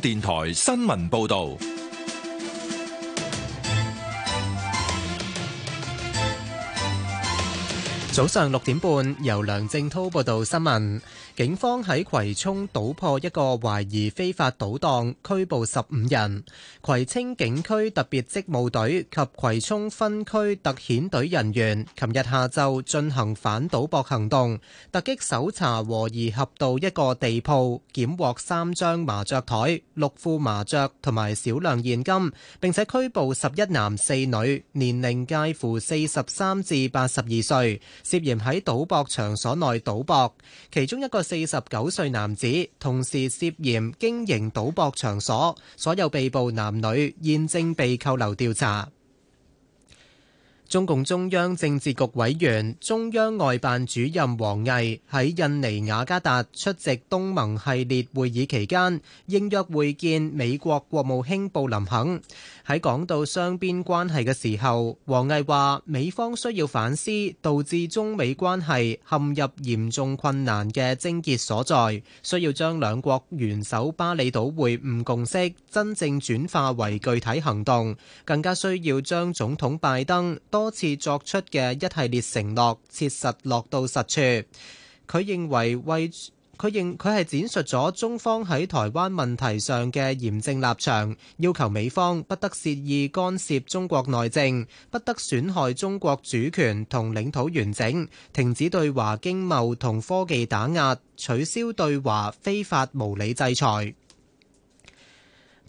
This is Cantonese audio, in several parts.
電台新聞報道。早上六點半，由梁正滔報道新聞。警方喺葵涌搗破一個懷疑非法賭檔，拘捕十五人。葵青警區特別職務隊及葵涌分區特遣隊人員，琴日下晝進行反賭博行動，突擊搜查和宜合道一個地鋪，檢獲三張麻雀枱、六副麻雀同埋少量現金，並且拘捕十一男四女，年齡介乎四十三至八十二歲。涉嫌喺賭博場所內賭博，其中一個四十九歲男子同時涉嫌經營賭博場所，所有被捕男女現正被扣留調查。中共中央政治局委員、中央外辦主任王毅喺印尼雅加達出席東盟系列會議期間應約會見美國國務卿布林肯。喺講到雙邊關係嘅時候，王毅話美方需要反思導致中美關係陷入嚴重困難嘅症結所在，需要將兩國元首巴厘島會晤共識真正轉化為具體行動，更加需要將總統拜登多次作出嘅一系列承諾，切實落到實處。佢認為為佢認佢係展述咗中方喺台灣問題上嘅嚴正立場，要求美方不得肆意干涉中國內政，不得損害中國主權同領土完整，停止對華經貿同科技打壓，取消對華非法無理制裁。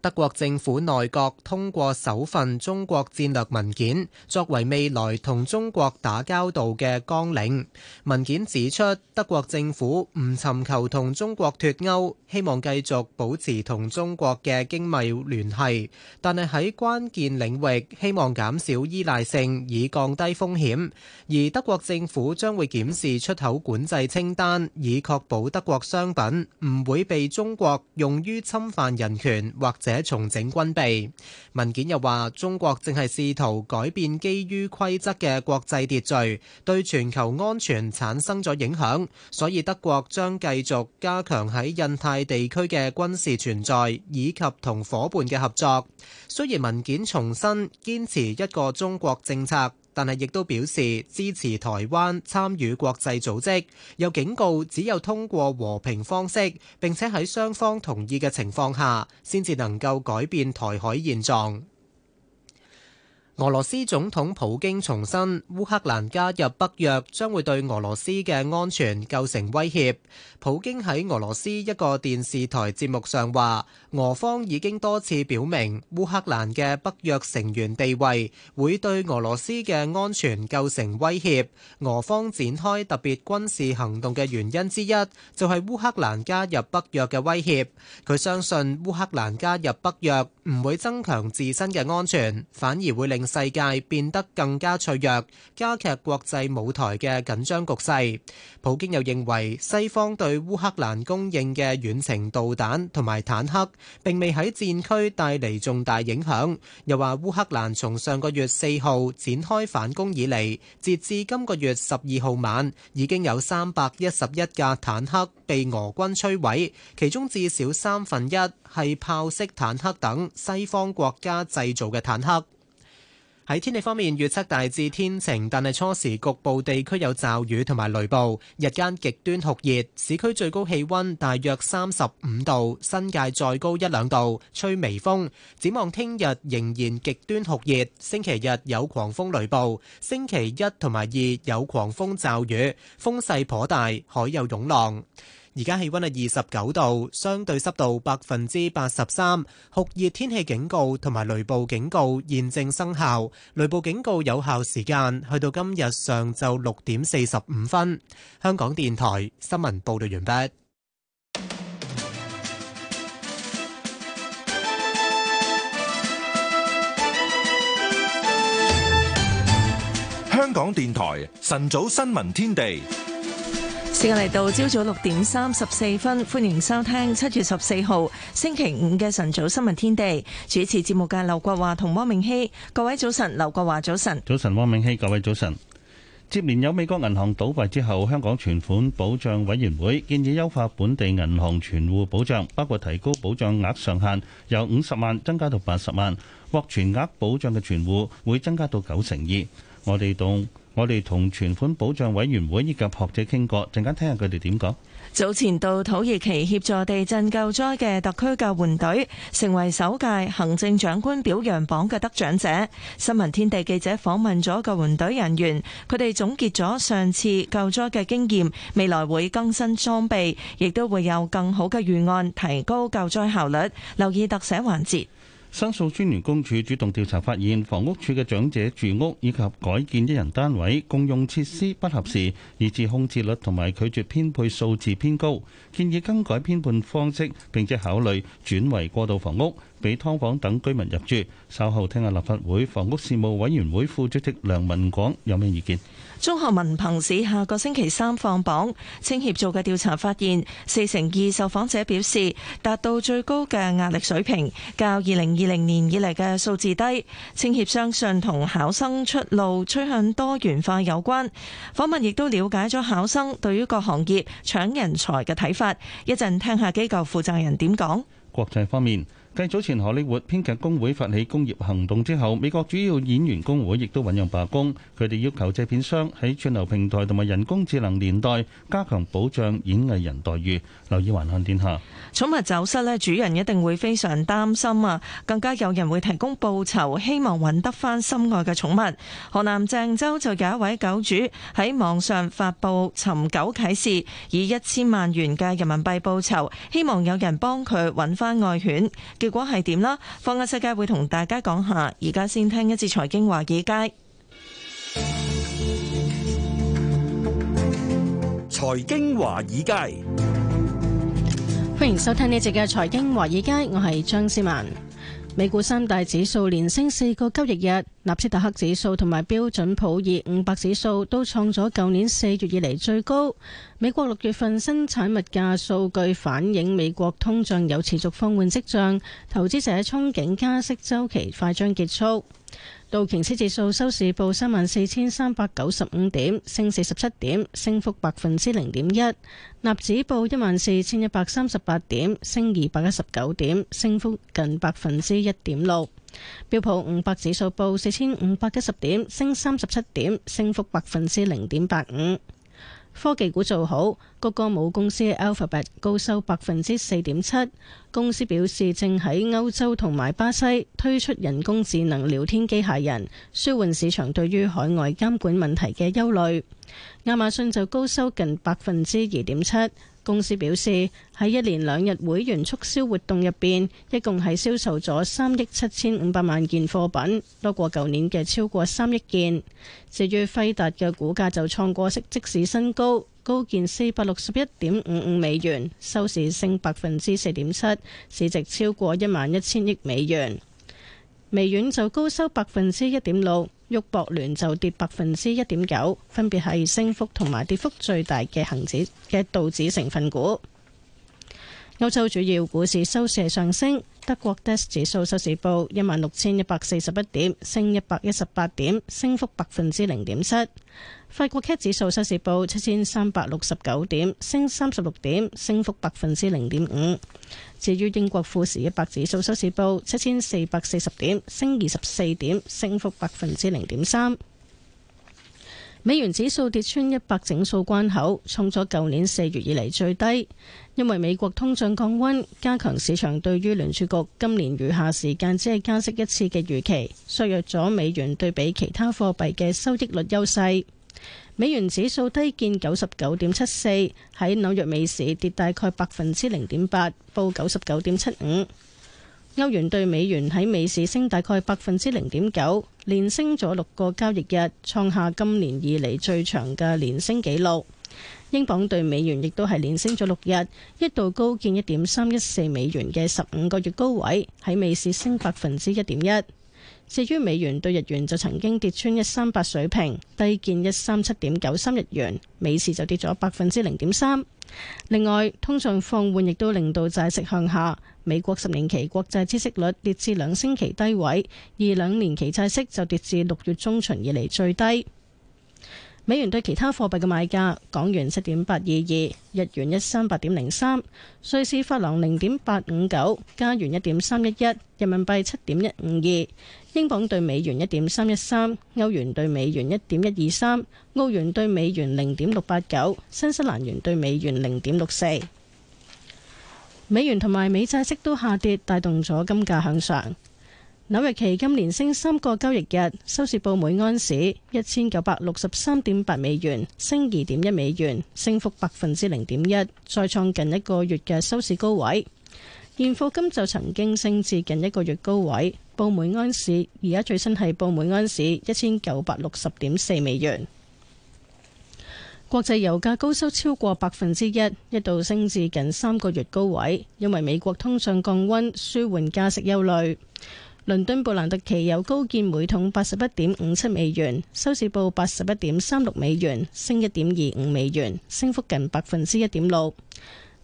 德國政府內閣通過首份中國戰略文件，作為未來同中國打交道嘅綱領文件。指出，德國政府唔尋求同中國脫鈎，希望繼續保持同中國嘅經貿聯繫，但係喺關鍵領域希望減少依賴性，以降低風險。而德國政府將會檢視出口管制清單，以確保德國商品唔會被中國用於侵犯人權或者且重整軍備。文件又話，中國正係試圖改變基於規則嘅國際秩序，對全球安全產生咗影響，所以德國將繼續加強喺印太地區嘅軍事存在，以及同夥伴嘅合作。雖然文件重申堅持一個中國政策。但係，亦都表示支持台灣參與國際組織，又警告只有通過和平方式，並且喺雙方同意嘅情況下，先至能夠改變台海現狀。俄羅斯總統普京重申，烏克蘭加入北約將會對俄羅斯嘅安全構成威脅。普京喺俄羅斯一個電視台節目上話，俄方已經多次表明，烏克蘭嘅北約成員地位會對俄羅斯嘅安全構成威脅。俄方展開特別軍事行動嘅原因之一，就係烏克蘭加入北約嘅威脅。佢相信烏克蘭加入北約唔會增強自身嘅安全，反而會令世界變得更加脆弱，加劇國際舞台嘅緊張局勢。普京又認為西方對烏克蘭供應嘅遠程導彈同埋坦克，並未喺戰區帶嚟重大影響。又話烏克蘭從上個月四號展開反攻以嚟，截至今個月十二號晚，已經有三百一十一架坦克被俄軍摧毀，其中至少三分一係豹式坦克等西方國家製造嘅坦克。喺天氣方面，預測大致天晴，但係初時局部地區有驟雨同埋雷暴，日間極端酷熱，市區最高氣温大約三十五度，新界再高一兩度，吹微風。展望聽日仍然極端酷熱，星期日有狂風雷暴，星期一同埋二有狂風驟雨，風勢頗大，海有湧浪。而家氣温係二十九度，相對濕度百分之八十三，酷熱天氣警告同埋雷暴警告現正生效，雷暴警告有效時間去到今日上晝六點四十五分。香港電台新聞報導完畢。香港電台晨早新聞天地。到到時間嚟,到朝早六點三十四分，歡迎收聽七月十四號星期五嘅晨早新聞天地。主持節目嘅劉國華同汪明熙。各位早晨，劉國華早晨，早晨，汪明熙，各位早晨。接連有美國銀行倒閉之後，香港存款保障委員會建議優化本地銀行存戶保障，包括提高保障額上限，由五十萬增加到八十萬，獲全額保障嘅存戶會增加到九成二。我哋到。我哋同存款保障委員會以及學者傾過，陣間聽下佢哋點講。早前到土耳其協助地震救災嘅特區救援隊，成為首屆行政長官表揚榜嘅得獎者。新聞天地記者訪問咗救援隊人員，佢哋總結咗上次救災嘅經驗，未來會更新裝備，亦都會有更好嘅預案，提高救災效率。留意特寫環節。申訴專員公署主動調查發現，房屋署嘅長者住屋以及改建一人單位共用設施不合時，以致空置率同埋拒絕編配數字偏高，建議更改編配方式，並且考慮轉為過渡房屋俾劏房等居民入住。稍後聽下立法會房屋事務委員會副主席梁文廣有咩意見。中學文憑試下個星期三放榜，青協做嘅調查發現，四成二受訪者表示達到最高嘅壓力水平，較二零二零年以嚟嘅數字低。青協相信同考生出路趨向多元化有關。訪問亦都了解咗考生對於各行業搶人才嘅睇法。一陣聽下機構負責人點講。國際方面。繼早前荷里活編劇工會發起工業行動之後，美國主要演員工會亦都醞釀罷工，佢哋要求製片商喺串流平台同埋人工智能年代加強保障演藝人待遇。留意《環看天下》。寵物走失咧，主人一定會非常擔心啊！更加有人會提供報酬，希望揾得翻心愛嘅寵物。河南鄭州就有一位狗主喺網上發佈尋狗啟事，以一千萬元嘅人民幣報酬，希望有人幫佢揾翻愛犬。結果係點呢？放眼世界會同大家講下。而家先聽一次財經華爾街。財經華爾街。歡迎收聽呢集嘅財經華爾街，我係張思文。美股三大指數連升四個交易日，納斯達克指數同埋標準普爾五百指數都創咗舊年四月以嚟最高。美國六月份生產物價數據反映美國通脹有持續放緩跡象，投資者憧憬加息周期快將結束。道瓊斯指數收市報三萬四千三百九十五點，升四十七點，升幅百分之零點一。納指報一萬四千一百三十八點，升二百一十九點，升幅近百分之一點六。標普五百指數報四千五百一十點，升三十七點，升幅百分之零點八五。科技股做好，谷歌母公司 Alphabet 高收百分之四點七。公司表示正喺歐洲同埋巴西推出人工智能聊天機械人，舒緩市場對於海外監管問題嘅憂慮。亞馬遜就高收近百分之二點七。公司表示喺一連兩日會員促銷活動入邊，一共係銷售咗三億七千五百萬件貨品，多過舊年嘅超過三億件。至於輝達嘅股價就創過歷史即市新高，高見四百六十一點五五美元，收市升百分之四點七，市值超過一萬一千億美元。微軟就高收百分之一點六。旭博聯就跌百分之一點九，分別係升幅同埋跌幅最大嘅恒指嘅道指成分股。歐洲主要股市收市上升。德國 DAX 指數收市報一萬六千一百四十一點，升一百一十八點，升幅百分之零點七。法國 CAC 指數收市報七千三百六十九點，升三十六點，升幅百分之零點五。至於英國富時一百指數收市報七千四百四十點，升二十四點，升幅百分之零點三。美元指數跌穿一百整數關口，創咗舊年四月以嚟最低。因為美國通脹降溫，加強市場對於聯儲局今年餘下時間只係加息一次嘅預期，削弱咗美元對比其他貨幣嘅收益率優勢。美元指數低見九十九點七四，喺紐約美市跌大概百分之零點八，報九十九點七五。歐元兌美元喺美市升大概百分之零點九，連升咗六個交易日，創下今年以嚟最長嘅連升紀錄。英鎊兌美元亦都係連升咗六日，一度高見一點三一四美元嘅十五個月高位，喺美市升百分之一點一。至於美元兌日元就曾經跌穿一三八水平，低見一三七點九三日元，美市就跌咗百分之零點三。另外，通脹放緩亦都令到債息向下。美國十年期國債孳息率跌至兩星期低位，而兩年期債息就跌至六月中旬以嚟最低。美元對其他貨幣嘅買價：港元七點八二二，日元一三八點零三，瑞士法郎零點八五九，加元一點三一一，人民幣七點一五二。英鎊對美元一點三一三，歐元對美元一點一二三，澳元對美元零點六八九，新西蘭元對美元零點六四。美元同埋美債息都下跌，帶動咗金價向上。紐約期金連升三個交易日，收市報每安士一千九百六十三點八美元，升二點一美元，升幅百分之零點一，再創近一個月嘅收市高位。現貨金就曾經升至近一個月高位，報每盎司，而家最新係報每盎司一千九百六十點四美元。國際油價高收超過百分之一，一度升至近三個月高位，因為美國通脹降溫，舒緩加息憂慮。倫敦布蘭特期油高見每桶八十一點五七美元，收市報八十一點三六美元，升一點二五美元，升幅近百分之一點六。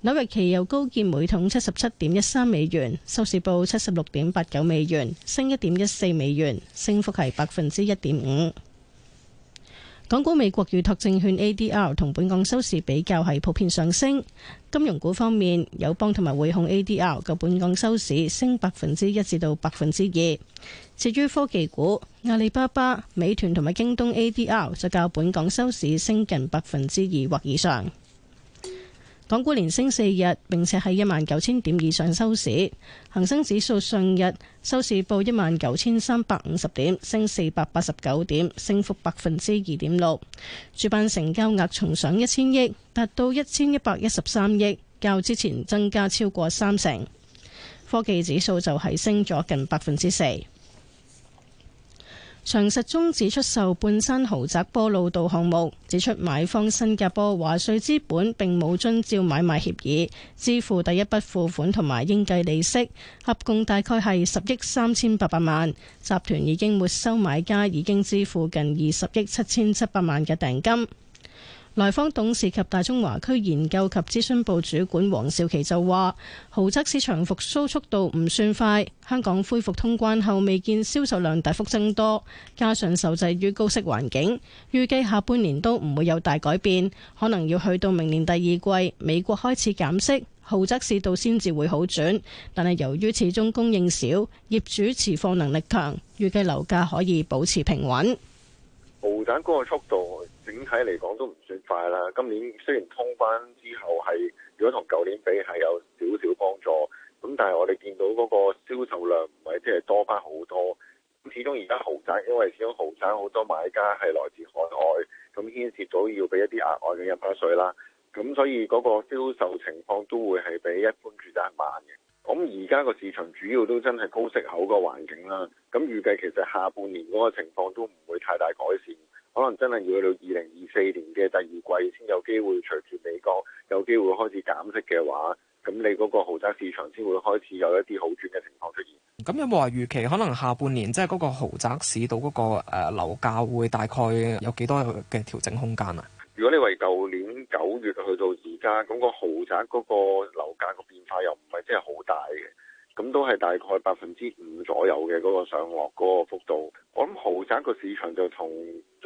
紐約期油高見每桶七十七點一三美元，收市報七十六點八九美元，升一點一四美元，升幅係百分之一點五。港股美國預託證券 ADR 同本港收市比較係普遍上升。金融股方面，友邦同埋匯控 ADR 較本港收市升百分之一至到百分之二。至於科技股，阿里巴巴、美團同埋京東 ADR 就較本港收市升近百分之二或以上。港股連升四日，並且喺一萬九千點以上收市。恒生指數上日收市報一萬九千三百五十點，升四百八十九點，升幅百分之二點六。主板成交額重上一千億，達到一千一百一十三億，較之前增加超過三成。科技指數就係升咗近百分之四。長實終止出售半山豪宅波路道項目，指出買方新加坡華瑞資本並冇遵照買賣協議支付第一筆付款同埋應計利息，合共大概係十億三千八百萬。集團已經沒收買家已經支付近二十億七千七百萬嘅訂金。來方董事及大中華區研究及諮詢部主管黃少琪就話：豪宅市場復甦速度唔算快，香港恢復通關後未見銷售量大幅增多，加上受制於高息環境，預計下半年都唔會有大改變，可能要去到明年第二季，美國開始減息，豪宅市道先至會好轉。但係由於始終供應少，業主持貨能力強，預計樓價可以保持平穩。豪宅嗰個速度整體嚟講都快啦！今年雖然通關之後係，如果同舊年比係有少少幫助，咁但係我哋見到嗰個銷售量唔係即係多翻好多。咁始終而家豪宅，因為始終豪宅好多買家係來自海外，咁牽涉到要俾一啲額外嘅印花稅啦。咁所以嗰個銷售情況都會係比一般住宅慢嘅。咁而家個市場主要都真係高息口個環境啦。咁預計其實下半年嗰個情況都唔會太大改善。可能真係要去到二零二四年嘅第二季先有機會。隨住美國有機會開始減息嘅話，咁你嗰個豪宅市場先會開始有一啲好轉嘅情況出現。咁有冇話預期可能下半年即係嗰個豪宅市道嗰個誒樓價會大概有幾多嘅調整空間啊？如果你話舊年九月去到而家，咁個豪宅嗰個樓價個變化又唔係真係好大嘅，咁都係大概百分之五左右嘅嗰個上落嗰個幅度。我諗豪宅個市場就從。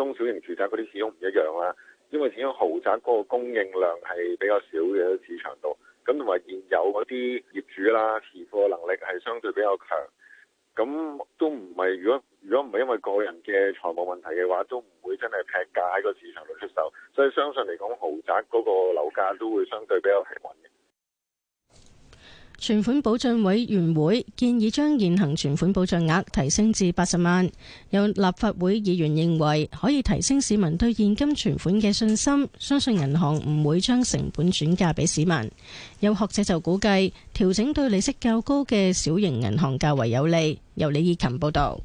中小型住宅嗰啲始終唔一樣啦，啊，因為始終豪宅嗰個供應量係比較少嘅市場度，咁同埋現有嗰啲業主啦，持貨能力係相對比較強，咁都唔係如果如果唔係因為個人嘅財務問題嘅話，都唔會真係劈價喺個市場度出手，所以相信嚟講，豪宅嗰個樓價都會相對比較平穩。存款保障委員會建議將現行存款保障額提升至八十萬。有立法會議員認為可以提升市民對現金存款嘅信心，相信銀行唔會將成本轉嫁俾市民。有學者就估計調整對利息較高嘅小型銀行較為有利。由李以琴報道。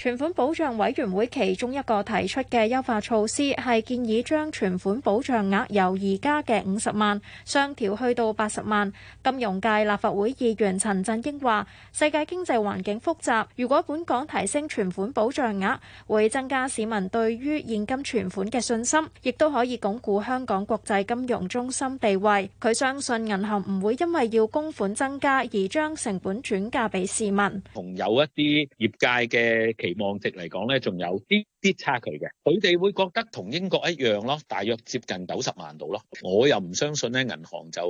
存款保障委員會其中一個提出嘅優化措施係建議將存款保障額由而家嘅五十萬上調去到八十萬。金融界立法會議員陳振英話，世界經濟環境複雜，如果本港提升存款保障額，會增加市民對於現金存款嘅信心，亦都可以鞏固香港國際金融中心地位。佢相信銀行唔會因為要供款增加而將成本轉嫁俾市民。同有一啲業界嘅。期望值嚟講咧，仲有啲。啲差距嘅，佢哋會覺得同英國一樣咯，大約接近九十萬度咯。我又唔相信咧，銀行就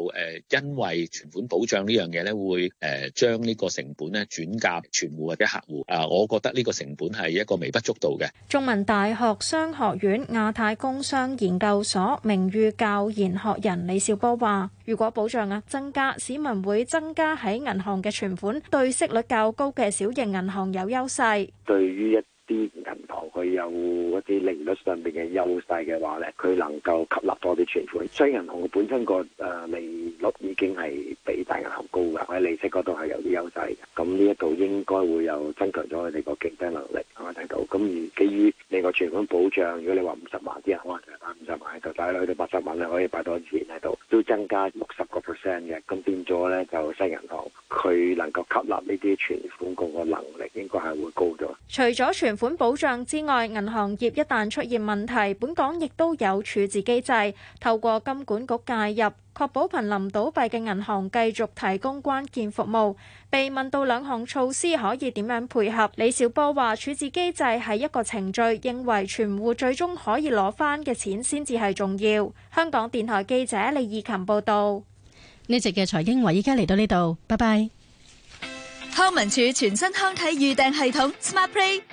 誒，因為存款保障呢樣嘢咧，會誒將呢個成本咧轉嫁存戶或者客戶啊。我覺得呢個成本係一個微不足道嘅。中文大學商學院亞太工商研究所名譽教研學人李兆波話：如果保障額增加，市民會增加喺銀行嘅存款，對息率較高嘅小型銀行有優勢。對於一啲銀行佢有一啲利率上邊嘅優勢嘅話咧，佢能夠吸納多啲存款。新銀行佢本身個誒利率已經係比大銀行高㗎，喺利息嗰度係有啲優勢。咁呢一度應該會有增強咗佢哋個競爭能力。我睇到咁，而基於你個存款保障，如果你話五十萬，啲人可能就打五十萬喺度，但係去到八十萬咧，可以擺多錢喺度，都增加六十個 percent 嘅。咁變咗咧，就新銀行佢能夠吸納呢啲存款個能力，應該係會高咗。除咗存款保障之外，銀行業一旦出現問題，本港亦都有處置機制，透過金管局介入，確保瀕臨倒閉嘅銀行繼續提供關鍵服務。被問到兩項措施可以點樣配合，李小波話：處置機制係一個程序，認為存戶最終可以攞翻嘅錢先至係重要。香港電台記者李義琴報道。呢集嘅財經委而家嚟到呢度，拜拜。康文署全新康體預訂系統 Smart Play。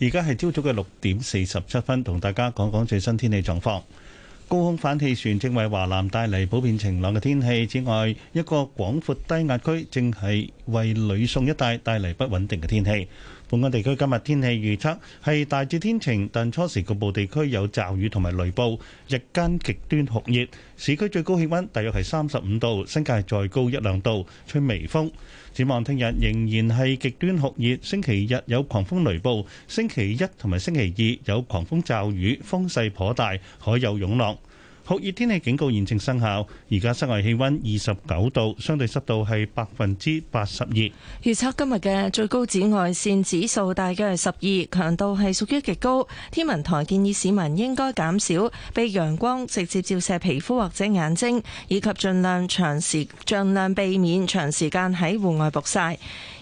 而家係朝早嘅六點四十七分，同大家講講最新天氣狀況。高空反氣旋正為華南帶嚟普遍晴朗嘅天氣，此外，一個廣闊低壓區正係為呂宋一帶帶嚟不穩定嘅天氣。本港地區今日天氣預測係大致天晴，但初時局部地區有驟雨同埋雷暴，日間極端酷熱，市區最高氣溫大約係三十五度，新界再高一兩度，吹微風。展望聽日仍然係極端酷熱，星期日有狂風雷暴，星期一同埋星期二有狂風驟雨，風勢頗大，海有湧浪。酷熱天氣警告，現正生效，而家室外氣溫二十九度，相對濕度係百分之八十二。預測今日嘅最高紫外線指數大概係十二，強度係屬於極高。天文台建議市民應該減少被陽光直接照射皮膚或者眼睛，以及盡量長時盡量避免長時間喺戶外曝晒。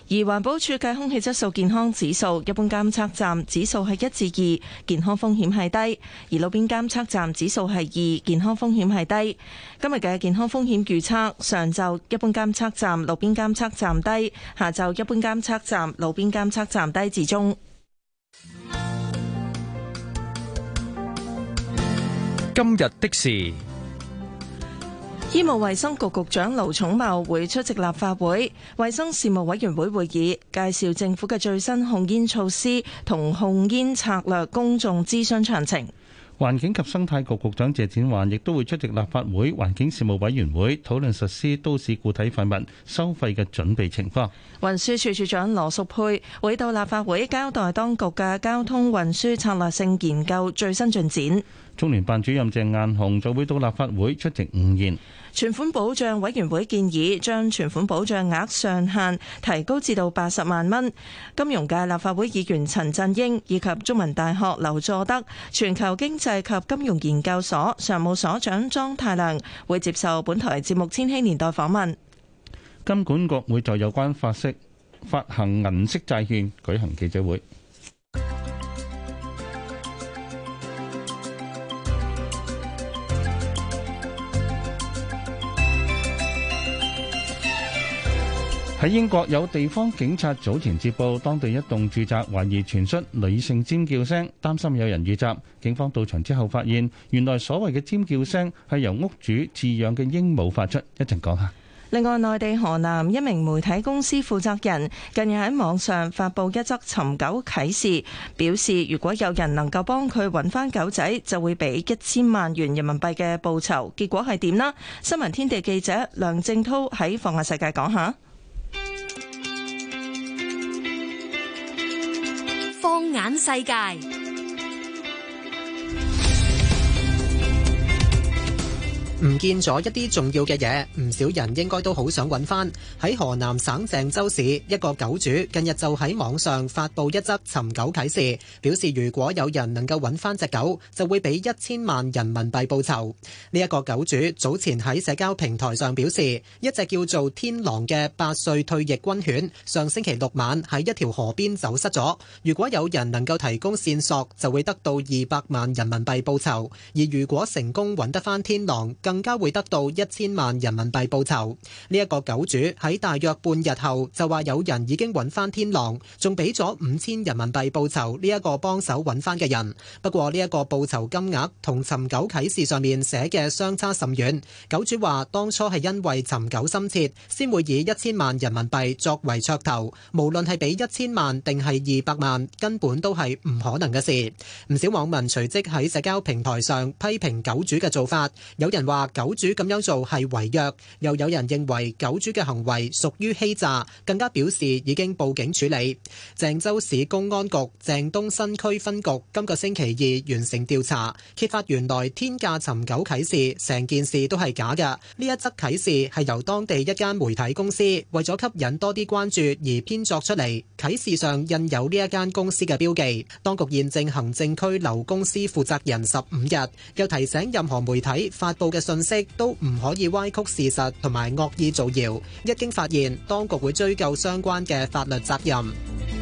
而環保署計空氣質素健康指數，一般監測站指數係一至二，健康風險係低；而路邊監測站指數係二，健康風險係低。今日嘅健康風險預測，上晝一般監測站、路邊監測站低，下晝一般監測站、路邊監測站低至中。今日的事。醫務衛生局局長盧寵茂會出席立法會衛生事務委員會會議，介紹政府嘅最新控煙措施同控煙策略公眾諮詢詳情。環境及生態局局長謝展寰亦都會出席立法會環境事務委員會，討論實施都市固體廢物收費嘅準備情況。運輸署署署長羅淑佩會到立法會交代當局嘅交通運輸策略性研究最新進展。中聯辦主任鄭雁雄就會到立法會出席午宴。存款保障委員會建議將存款保障額上限提高至到八十萬蚊。金融界立法會議員陳振英以及中文大學劉佐德、全球經濟及金融研究所常務所長莊太量會接受本台節目《千禧年代》訪問。金管局會在有關發息、發行銀色債券舉行記者會。喺英國有地方警察早前接報，當地一棟住宅懷疑傳出女性尖叫聲，擔心有人遇襲。警方到場之後發現，原來所謂嘅尖叫聲係由屋主飼養嘅鸚鵡發出。一陣講下。另外，內地河南一名媒體公司負責人近日喺網上發布一則尋狗啟事，表示如果有人能夠幫佢揾翻狗仔，就會俾一千萬元人民幣嘅報酬。結果係點呢？新聞天地記者梁正濤喺《放下世界》講下。眼世界。唔見咗一啲重要嘅嘢，唔少人應該都好想揾翻。喺河南省鄭州市，一個狗主近日就喺網上發布一則尋狗啟事，表示如果有人能夠揾翻隻狗，就會俾一千萬人民幣報酬。呢、這、一個狗主早前喺社交平台上表示，一隻叫做天狼嘅八歲退役軍犬，上星期六晚喺一條河邊走失咗。如果有人能夠提供線索，就會得到二百萬人民幣報酬。而如果成功揾得翻天狼，更更加會得到一千萬人民幣報酬。呢一個狗主喺大約半日後就話有人已經揾翻天狼，仲俾咗五千人民幣報酬呢一個幫手揾翻嘅人。不過呢一個報酬金額同尋狗啟事上面寫嘅相差甚遠。狗主話當初係因為尋狗心切，先會以一千萬人民幣作為噱頭。無論係俾一千萬定係二百萬，根本都係唔可能嘅事。唔少網民隨即喺社交平台上批評狗主嘅做法。有人話，狗主咁樣做係違約，又有人認為狗主嘅行為屬於欺詐，更加表示已經報警處理。鄭州市公安局鄭東新區分局今個星期二完成調查，揭發原來天價尋狗啟事成件事都係假嘅。呢一則啟事係由當地一間媒體公司為咗吸引多啲關注而編作出嚟，啟事上印有呢一間公司嘅標記。當局現正行政拘留公司負責人十五日，又提醒任何媒體發布嘅信息都唔可以歪曲事實同埋惡意造謠，一經發現，當局會追究相關嘅法律責任。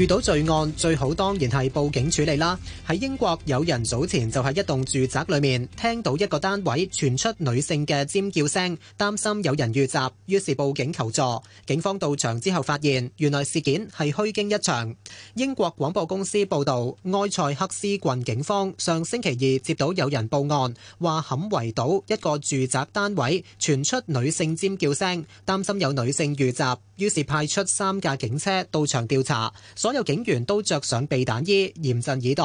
遇到罪案，最好當然係報警處理啦。喺英國有人早前就喺一棟住宅裏面聽到一個單位傳出女性嘅尖叫聲，擔心有人遇襲，於是報警求助。警方到場之後發現原來事件係虛驚一場。英國廣播公司報道埃塞克斯郡，警方上星期二接到有人報案，話坎維島一個住宅單位傳出女性尖叫聲，擔心有女性遇襲。於是派出三架警車到場調查，所有警員都着上避彈衣，嚴陣以待。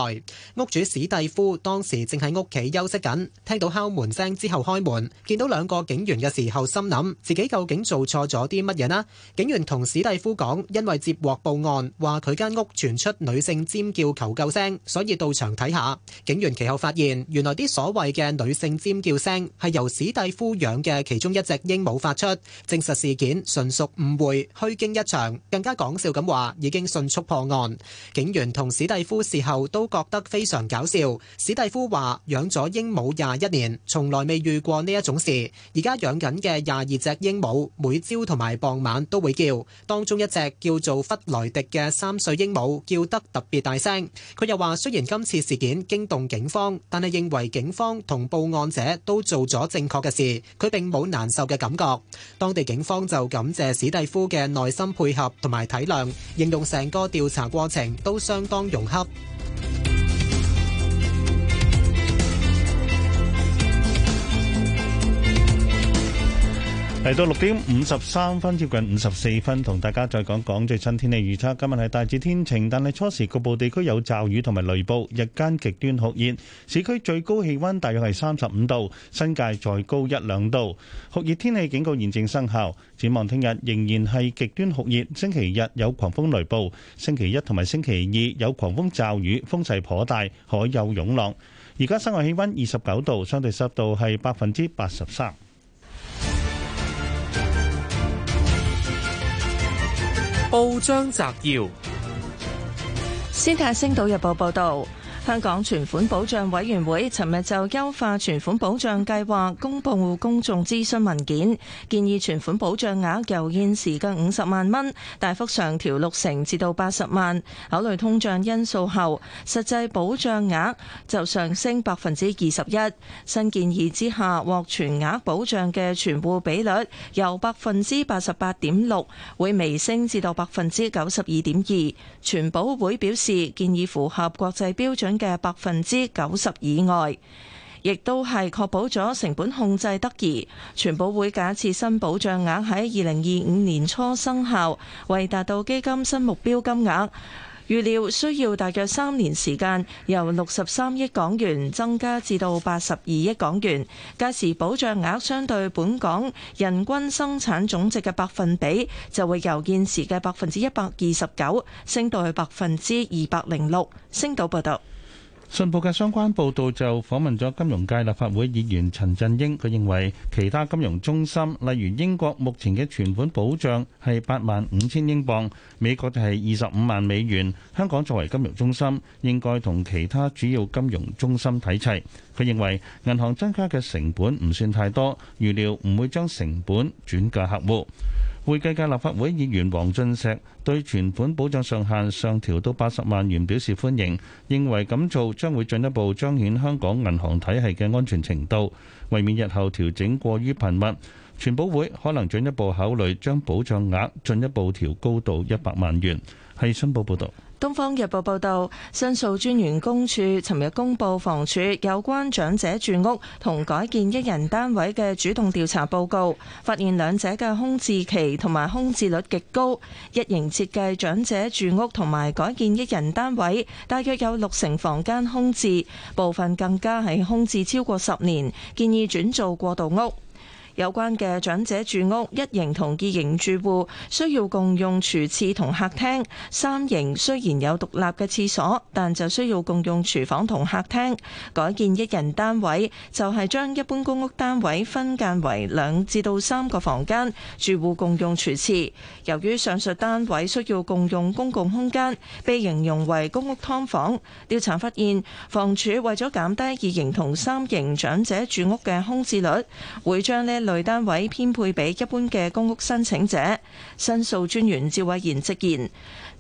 屋主史蒂夫當時正喺屋企休息緊，聽到敲門聲之後開門，見到兩個警員嘅時候，心諗自己究竟做錯咗啲乜嘢呢？警員同史蒂夫講，因為接獲報案，話佢間屋傳出女性尖叫求救聲，所以到場睇下。警員其後發現，原來啲所謂嘅女性尖叫聲係由史蒂夫養嘅其中一隻鸚鵡發出，證實事件純屬誤會。虛驚一場，更加講笑咁話已經迅速破案。警員同史蒂夫事後都覺得非常搞笑。史蒂夫話養咗鸚鵡廿一年，從來未遇過呢一種事。而家養緊嘅廿二隻鸚鵡，每朝同埋傍晚都會叫，當中一隻叫做弗萊迪嘅三歲鸚鵡叫得特別大聲。佢又話雖然今次事件驚動警方，但係認為警方同報案者都做咗正確嘅事，佢並冇難受嘅感覺。當地警方就感謝史蒂夫。嘅耐心配合同埋體諒，形容成個調查過程都相當融洽。嚟到六點五十三分，接近五十四分，同大家再講講最新天氣預測。今日係大致天晴，但係初時局部地區有驟雨同埋雷暴，日間極端酷熱，市區最高氣温大約係三十五度，新界再高一兩度。酷熱天氣警告現正生效，展望聽日仍然係極端酷熱。星期日有狂風雷暴，星期一同埋星期二有狂風驟雨，風勢頗大，海有湧浪。而家室外氣温二十九度，相對濕度係百分之八十三。報章摘要：先睇星島日報報導報道。香港存款保障委員會尋日就優化存款保障計劃公布公眾諮詢文件，建議存款保障額由現時嘅五十萬蚊大幅上調六成，至到八十萬。考慮通脹因素後，實際保障額就上升百分之二十一。新建議之下，獲全額保障嘅存戶比率由百分之八十八點六，會微升至到百分之九十二點二。全保會表示，建議符合國際標準。嘅百分之九十以外，亦都係確保咗成本控制得宜。全保會假設新保障額喺二零二五年初生效，為達到基金新目標金額，預料需要大約三年時間，由六十三億港元增加至到八十二億港元。屆時保障額相對本港人均生產總值嘅百分比，就會由現時嘅百分之一百二十九升到去百分之二百零六。星島報道。信報嘅相關報導就訪問咗金融界立法會議員陳振英，佢認為其他金融中心例如英國目前嘅存款保障係八萬五千英鎊，美國係二十五萬美元，香港作為金融中心應該同其他主要金融中心睇齊。佢認為銀行增加嘅成本唔算太多，預料唔會將成本轉嫁客戶。會計界立法會議員黃俊碩對存款保障上限上調到八十萬元表示歡迎，認為咁做將會進一步彰顯香港銀行體系嘅安全程度，為免日後調整過於頻密，存保會可能進一步考慮將保障額進一步調高到一百萬元。係信報報導。《東方日報》報道，申訴專員公署尋日公布房署有關長者住屋同改建一人單位嘅主動調查報告，發現兩者嘅空置期同埋空置率極高。一型設計長者住屋同埋改建一人單位，大約有六成房間空置，部分更加係空置超過十年，建議轉做過渡屋。有關嘅長者住屋一型同二型住戶需要共用廚廁同客廳，三型雖然有獨立嘅廁所，但就需要共用廚房同客廳。改建一人單位就係、是、將一般公屋單位分間為兩至到三個房間，住戶共用廚廁。由於上述單位需要共用公共空間，被形容為公屋劏房。調查發現，房署為咗減低二型同三型長者住屋嘅空置率，會將呢。類單位編配俾一般嘅公屋申請者，申訴專員趙慧賢直言，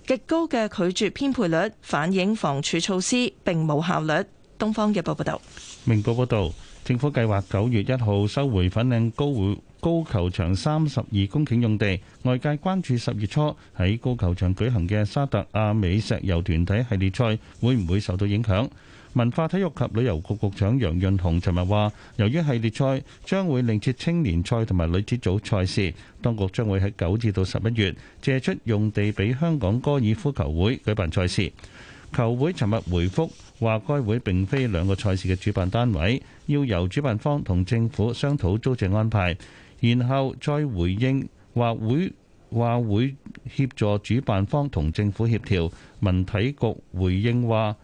極高嘅拒絕編配率反映房署措施並冇效率。東方日報報道，明報報道，政府計劃九月一號收回粉嶺高會高球場三十二公頃用地，外界關注十月初喺高球場舉行嘅沙特阿美石油團體系列賽會唔會受到影響。文化體育及旅遊局局長楊潤雄尋日話：由於系列賽將會另設青年賽同埋女子組賽事，當局將會喺九至到十一月借出用地俾香港高爾夫球會舉辦賽事。球會尋日回覆話：該會並非兩個賽事嘅主辦單位，要由主辦方同政府商討租借安排，然後再回應話會話會協助主辦方同政府協調。文體局回應話。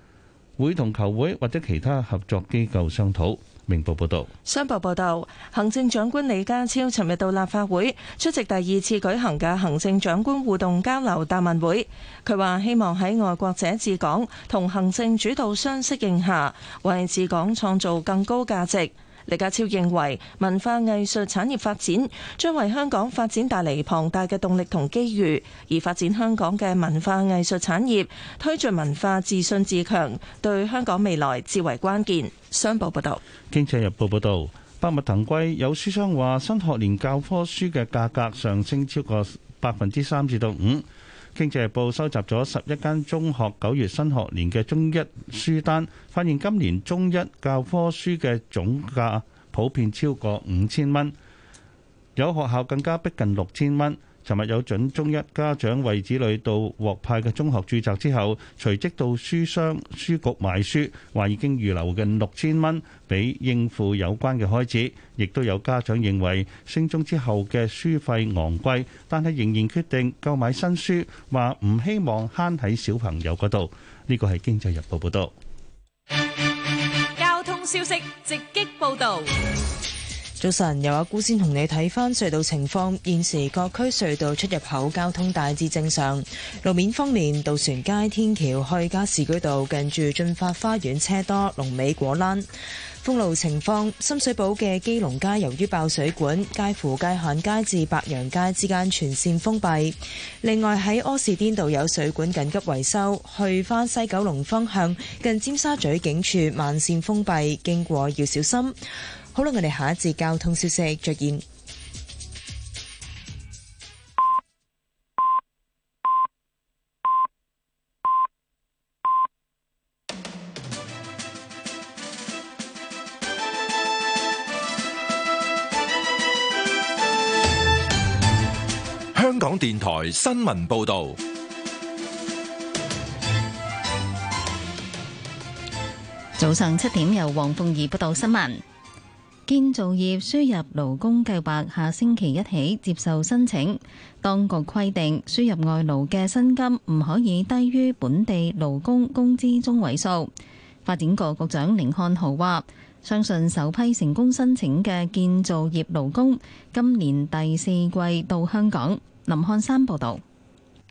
會同球會或者其他合作機構商討。明報報道，商報報道，行政長官李家超尋日到立法會出席第二次舉行嘅行政長官互動交流答問會。佢話：希望喺愛國者治港同行政主導相適應下，為治港創造更高價值。李家超認為，文化藝術產業發展將為香港發展帶嚟龐大嘅動力同機遇，而發展香港嘅文化藝術產業，推進文化自信自強，對香港未來至為關鍵。商報報道，經濟日報報道，百物騰貴，有書商話，新學年教科書嘅價格上升超過百分之三至到五。經濟日報收集咗十一間中學九月新學年嘅中一書單，發現今年中一教科書嘅總價普遍超過五千蚊，有學校更加逼近六千蚊。尋日有準中一家長為子女到獲派嘅中學註冊之後，隨即到書商書局買書，話已經預留近六千蚊，俾應付有關嘅開支。亦都有家長認為升中之後嘅書費昂貴，但係仍然決定購買新書，話唔希望慳喺小朋友嗰度。呢個係《經濟日報》報道。交通消息直擊報導。早晨，有阿姑先同你睇翻隧道情況。現時各區隧道出入口交通大致正常。路面方面，渡船街天橋去加士居道近住進發花園車多，龍尾果欄。封路情況，深水埗嘅基隆街由於爆水管，街坊界限街，街至白楊街之間全線封閉。另外喺柯士甸道有水管緊急維修，去翻西九龍方向近尖沙咀警署慢線封閉，經過要小心。好啦，我哋下一節交通消息，再見。香港電台新聞報道，早上七點，由黃鳳儀報道新聞。建造業輸入勞工計劃下星期一起接受申請，當局規定輸入外勞嘅薪金唔可以低於本地勞工工資中位數。發展局局長甯漢豪話：相信首批成功申請嘅建造業勞工今年第四季到香港。林漢山報導。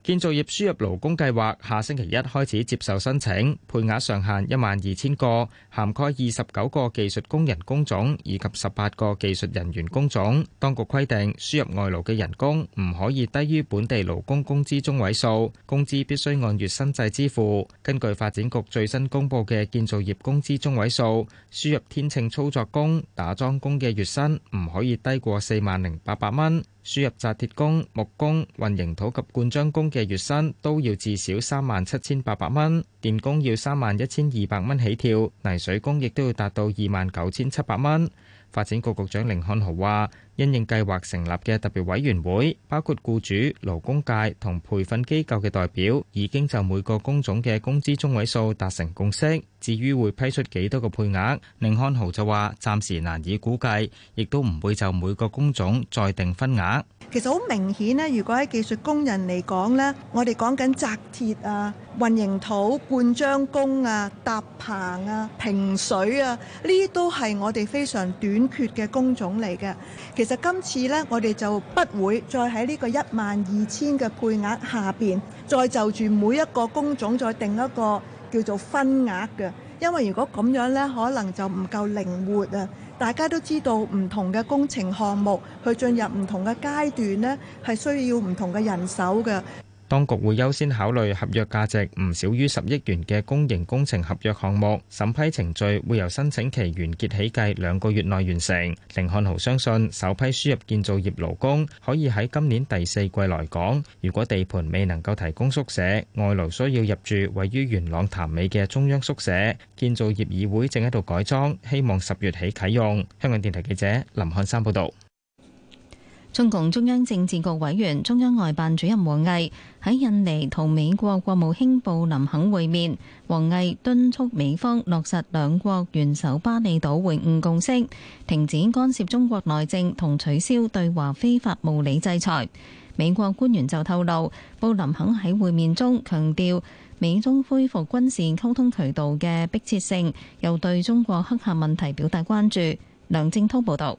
建造業輸入勞工計劃下星期一開始接受申請，配額上限一萬二千個，涵蓋二十九個技術工人工種以及十八個技術人員工種。當局規定，輸入外勞嘅人工唔可以低於本地勞工工資中位數，工資必須按月薪制支付。根據發展局最新公佈嘅建造業工資中位數，輸入天秤操作工、打樁工嘅月薪唔可以低過四萬零八百蚊。輸入紮鐵工、木工、運營土及灌裝工嘅月薪都要至少三萬七千八百蚊，電工要三萬一千二百蚊起跳，泥水工亦都要達到二萬九千七百蚊。發展局局長甯漢豪話，因應計劃成立嘅特別委員會，包括僱主、勞工界同培訓機構嘅代表，已經就每個工種嘅工資中位數達成共識。至於會批出幾多個配額，甯漢豪就話暫時難以估計，亦都唔會就每個工種再定分額。其實好明顯咧，如果喺技術工人嚟講咧，我哋講緊紮鐵啊、混凝土、灌漿工啊、搭棚啊、平水啊，呢啲都係我哋非常短缺嘅工種嚟嘅。其實今次呢，我哋就不會再喺呢個一萬二千嘅配額下邊，再就住每一個工種再定一個叫做分額嘅，因為如果咁樣呢，可能就唔夠靈活啊。大家都知道，唔同嘅工程項目去進入唔同嘅階段咧，係需要唔同嘅人手嘅。當局會優先考慮合約價值唔少於十億元嘅公營工程合約項目，審批程序會由申請期完結起計兩個月內完成。甯漢豪相信首批輸入建造業勞工可以喺今年第四季來港。如果地盤未能夠提供宿舍，外勞需要入住位於元朗潭尾嘅中央宿舍。建造業議會正喺度改裝，希望十月起啟用。香港電台記者林漢山報導。中共中央政治局委員、中央外辦主任王毅喺印尼同美國國務卿布林肯會面，王毅敦促美方落實兩國元首巴厘島會晤共識，停止干涉中國內政同取消對華非法無理制裁。美國官員就透露，布林肯喺會面中強調美中恢復軍事溝通渠道嘅迫切性，又對中國黑客問題表達關注。梁正滔報道。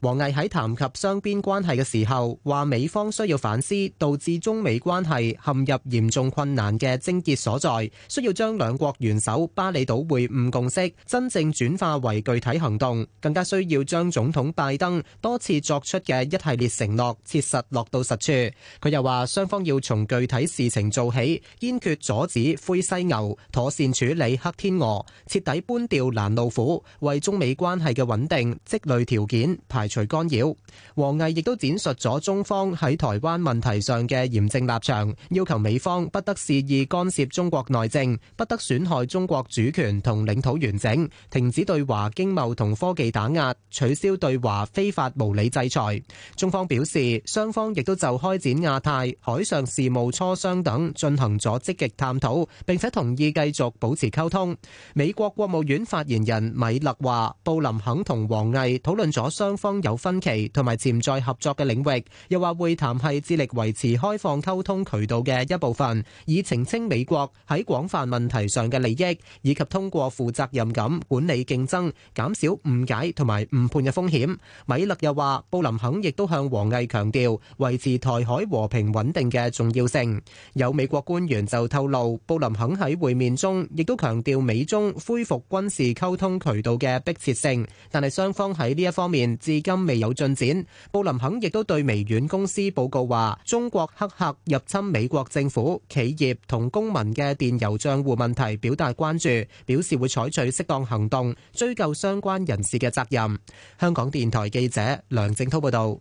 王毅喺談及雙邊關係嘅時候，話美方需要反思導致中美關係陷入嚴重困難嘅症結所在，需要將兩國元首巴厘島會晤共識真正轉化為具體行動，更加需要將總統拜登多次作出嘅一系列承諾切實落到實處，佢又話雙方要從具體事情做起，堅決阻止灰犀牛，妥善處理黑天鵝，徹底搬掉攔路虎，為中美關係嘅穩定積累條件排排除干擾，王毅亦都闡述咗中方喺台灣問題上嘅嚴正立場，要求美方不得肆意干涉中國內政，不得損害中國主權同領土完整，停止對華經貿同科技打壓，取消對華非法無理制裁。中方表示，雙方亦都就開展亞太海上事務磋商等進行咗積極探討，並且同意繼續保持溝通。美國國務院發言人米勒話：布林肯同王毅討論咗雙方有分歧同埋潛在合作嘅領域，又話會談係致力維持開放溝通渠道嘅一部分，以澄清美國喺廣泛問題上嘅利益，以及通過負責任感管理競爭，減少誤解同埋誤判嘅風險。米勒又話，布林肯亦都向王毅強調維持台海和平穩定嘅重要性。有美國官員就透露，布林肯喺會面中亦都強調美中恢復軍事溝通渠道嘅迫切性，但係雙方喺呢一方面自今未有進展，布林肯亦都對微軟公司報告話，中國黑客入侵美國政府、企業同公民嘅電郵帳戶問題表達關注，表示會採取適當行動，追究相關人士嘅責任。香港電台記者梁正滔報道。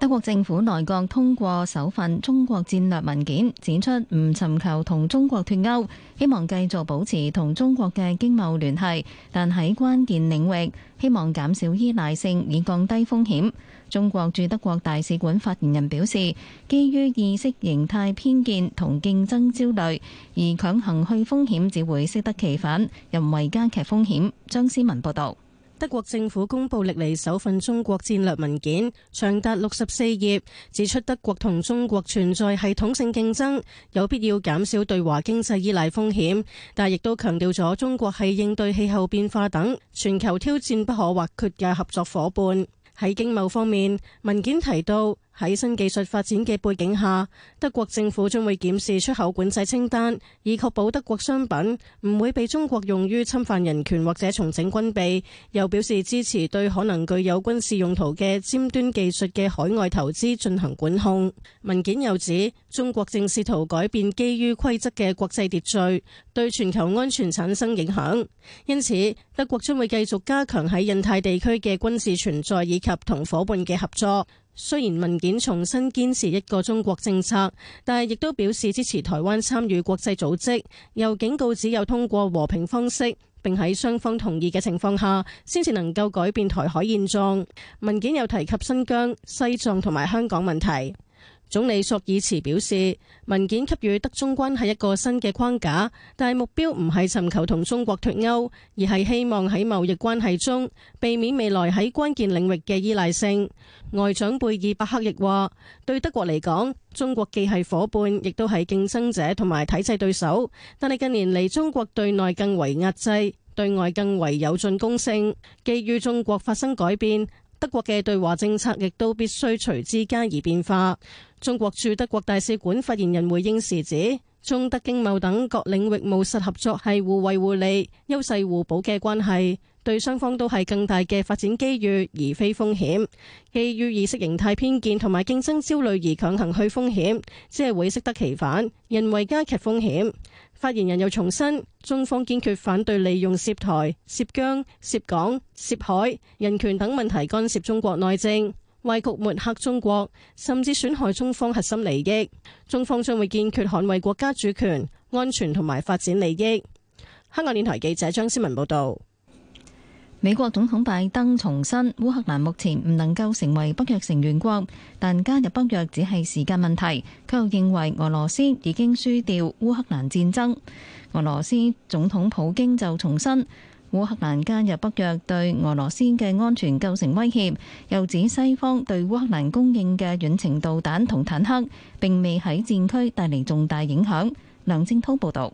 德國政府內閣通過首份中國戰略文件，指出唔尋求同中國脱鈎，希望繼續保持同中國嘅經貿聯繫，但喺關鍵領域希望減少依賴性，以降低風險。中國駐德國大使館發言人表示，基於意識形態偏見同競爭焦慮而強行去風險，只會適得其反，人為加劇風險。張思文報道。德國政府公布歷嚟首份中國戰略文件，長達六十四頁，指出德國同中國存在系統性競爭，有必要減少對華經濟依賴風險，但亦都強調咗中國係應對氣候變化等全球挑戰不可或缺嘅合作伙伴。喺經貿方面，文件提到。喺新技術發展嘅背景下，德國政府將會檢視出口管制清單，以確保德國商品唔會被中國用於侵犯人權或者重整軍備。又表示支持對可能具有軍事用途嘅尖端技術嘅海外投資進行管控。文件又指，中國正試圖改變基於規則嘅國際秩序，對全球安全產生影響。因此，德國將會繼續加強喺印太地區嘅軍事存在以及同夥伴嘅合作。雖然文件重新堅持一個中國政策，但係亦都表示支持台灣參與國際組織，又警告只有通過和平方式，並喺雙方同意嘅情況下，先至能夠改變台海現狀。文件又提及新疆、西藏同埋香港問題。總理朔爾茨表示，文件給予德中關係一個新嘅框架，但係目標唔係尋求同中國脫鈎，而係希望喺貿易關係中避免未來喺關鍵領域嘅依賴性。外長貝爾伯克亦話，對德國嚟講，中國既係夥伴，亦都係競爭者同埋體制對手。但係近年嚟，中國對內更為壓制，對外更為有進攻性。基於中國發生改變，德國嘅對華政策亦都必須隨之加以變化。中國駐德國大使館發言人回應時指，中德經貿等各領域務實合作係互惠互利、優勢互補嘅關係，對雙方都係更大嘅發展機遇，而非風險。基於意識形態偏見同埋競爭焦慮而強行去風險，只係會適得其反，人為加劇風險。發言人又重申，中方堅決反對利用涉台、涉疆、涉港、涉海、人權等問題干涉中國內政。為局抹黑中國，甚至損害中方核心利益，中方將會堅決捍衛國家主權、安全同埋發展利益。香港電台記者張思文報道。美國總統拜登重申，烏克蘭目前唔能夠成為北約成員國，但加入北約只係時間問題。佢又認為俄羅斯已經輸掉烏克蘭戰爭。俄羅斯總統普京就重申。烏克蘭加入北約對俄羅斯嘅安全構成威脅，又指西方對烏克蘭供應嘅遠程導彈同坦克並未喺戰區帶嚟重大影響。梁正滔報導。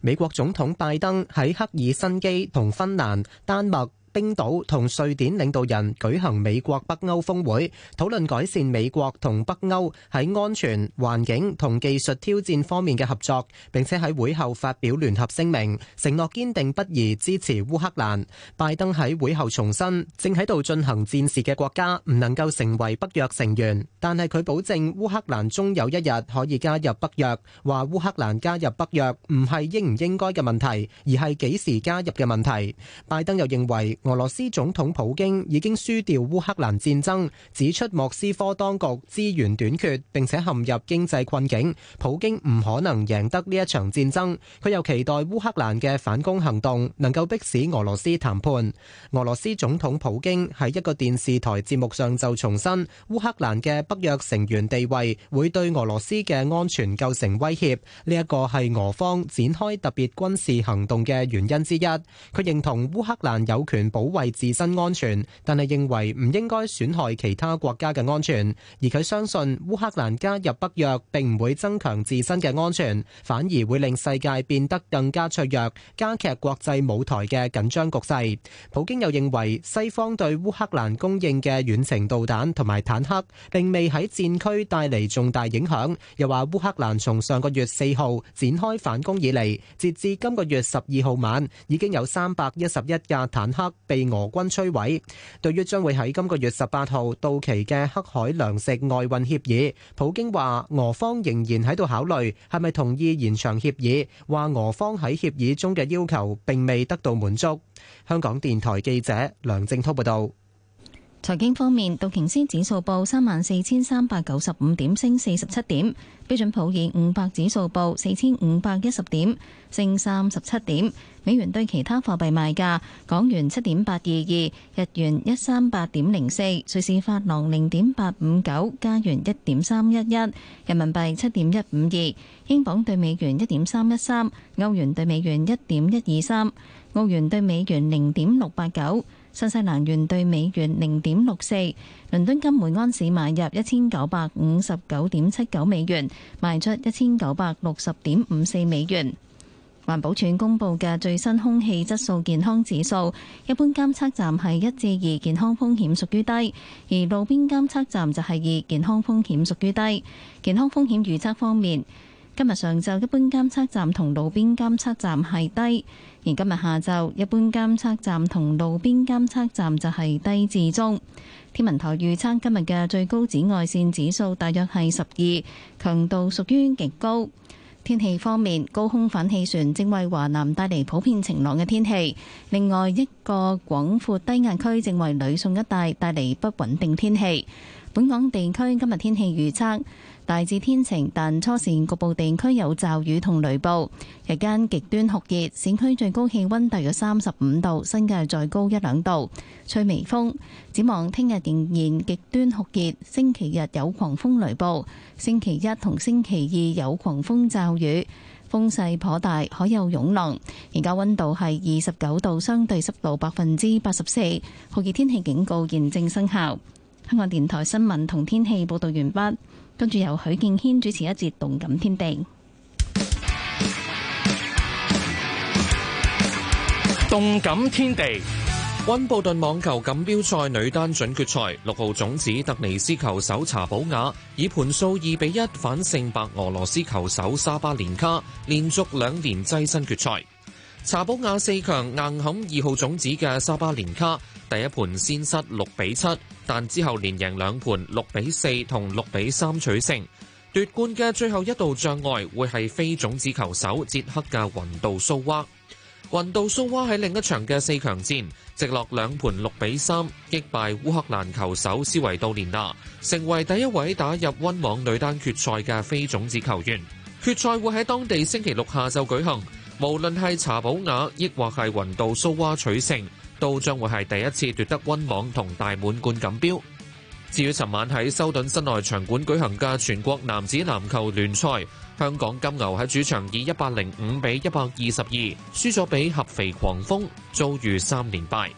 美國總統拜登喺赫爾辛基同芬蘭、丹麥、冰島同瑞典領導人舉行美國北歐峰會，討論改善美國同北歐喺安全、環境同技術挑戰方面嘅合作，並且喺會後發表聯合聲明，承諾堅定不移支持烏克蘭。拜登喺會後重申，正喺度進行戰事嘅國家唔能夠成為北約成員，但係佢保證烏克蘭終有一日可以加入北約。話烏克蘭加入北約唔係應唔應該嘅問題，而係幾時加入嘅問題。拜登又認為，俄羅斯總統普京已經輸掉烏克蘭戰爭，指出莫斯科當局資源短缺並且陷入經濟困境，普京唔可能贏得呢一場戰爭。佢又期待烏克蘭嘅反攻行動能夠迫使俄羅斯談判。俄羅斯總統普京喺一個電視台節目上就重申，烏克蘭嘅北約成員地位會對俄羅斯嘅安全構成威脅，呢一個係俄方展開特別軍事行動嘅原因之一。佢認同烏克蘭有權保衛自身安全，但係認為唔應該損害其他國家嘅安全。而佢相信烏克蘭加入北約並唔會增強自身嘅安全，反而會令世界變得更加脆弱，加劇國際舞台嘅緊張局勢。普京又認為西方對烏克蘭供應嘅遠程導彈同埋坦克，並未喺戰區帶嚟重大影響。又話烏克蘭從上個月四號展開反攻以嚟，截至今個月十二號晚，已經有三百一十一架坦克，被俄軍摧毀。對於將會喺今個月十八號到期嘅黑海糧食外運協議，普京話俄方仍然喺度考慮係咪同意延長協議，話俄方喺協議中嘅要求並未得到滿足。香港電台記者梁正濤報道。財經方面，道瓊斯指數報三萬四千三百九十五點，升四十七點；標準普爾五百指數報四千五百一十點，升三十七點。美元對其他貨幣賣價：港元七點八二二，日元一三八點零四，瑞士法郎零點八五九，加元一點三一一，人民幣七點一五二，英鎊對美元一點三一三，歐元對美元一點一二三，澳元對美元零點六八九。新西蘭元兌美元零點六四，倫敦金每安士買入一千九百五十九點七九美元，賣出一千九百六十點五四美元。環保署公佈嘅最新空氣質素健康指數，一般監測站係一至二，健康風險屬於低，而路邊監測站就係二，健康風險屬於低。健康風險預測方面。今日上晝一般監測站同路邊監測站係低，而今日下晝一般監測站同路邊監測站就係低至中。天文台預測今日嘅最高紫外線指數大約係十二，強度屬於極高。天氣方面，高空反氣旋正為華南帶嚟普遍晴朗嘅天氣，另外一個廣闊低壓區正為呂宋一帶帶嚟不穩定天氣。本港地區今日天氣預測。大致天晴，但初時局部地區有驟雨同雷暴。日間極端酷熱，市區最高氣溫大約三十五度，新界再高一兩度，吹微風。展望聽日仍然極端酷熱，星期日有狂風雷暴，星期一同星期二有狂風驟雨，風勢頗大，可有湧浪。而家溫度係二十九度，相對濕度百分之八十四，酷熱天氣警告現正生效。香港電台新聞同天氣報道完畢。跟住由許敬軒主持一節《動感天地》。《動感天地》温布頓網球錦標賽女單準決賽，六號種子特尼斯球手查保雅以盤數二比一反勝白俄羅斯球手沙巴連卡，連續兩年躋身決賽。查保雅四強硬撼二號種子嘅沙巴連卡。第一盤先失六比七，但之後連贏兩盤六比四同六比三取勝。奪冠嘅最後一道障礙會係非種子球手捷克嘅雲道蘇娃。雲道蘇娃喺另一場嘅四強戰直落兩盤六比三擊敗烏克蘭球手斯維杜連娜，成為第一位打入温網女單決賽嘅非種子球員。決賽會喺當地星期六下晝舉行。無論係查保雅，抑或係雲道蘇娃取勝，都將會係第一次奪得温網同大滿貫錦標。至於尋晚喺修頓室內場館舉行嘅全國男子籃球聯賽，香港金牛喺主場以一百零五比一百二十二輸咗俾合肥狂風，遭遇三連敗。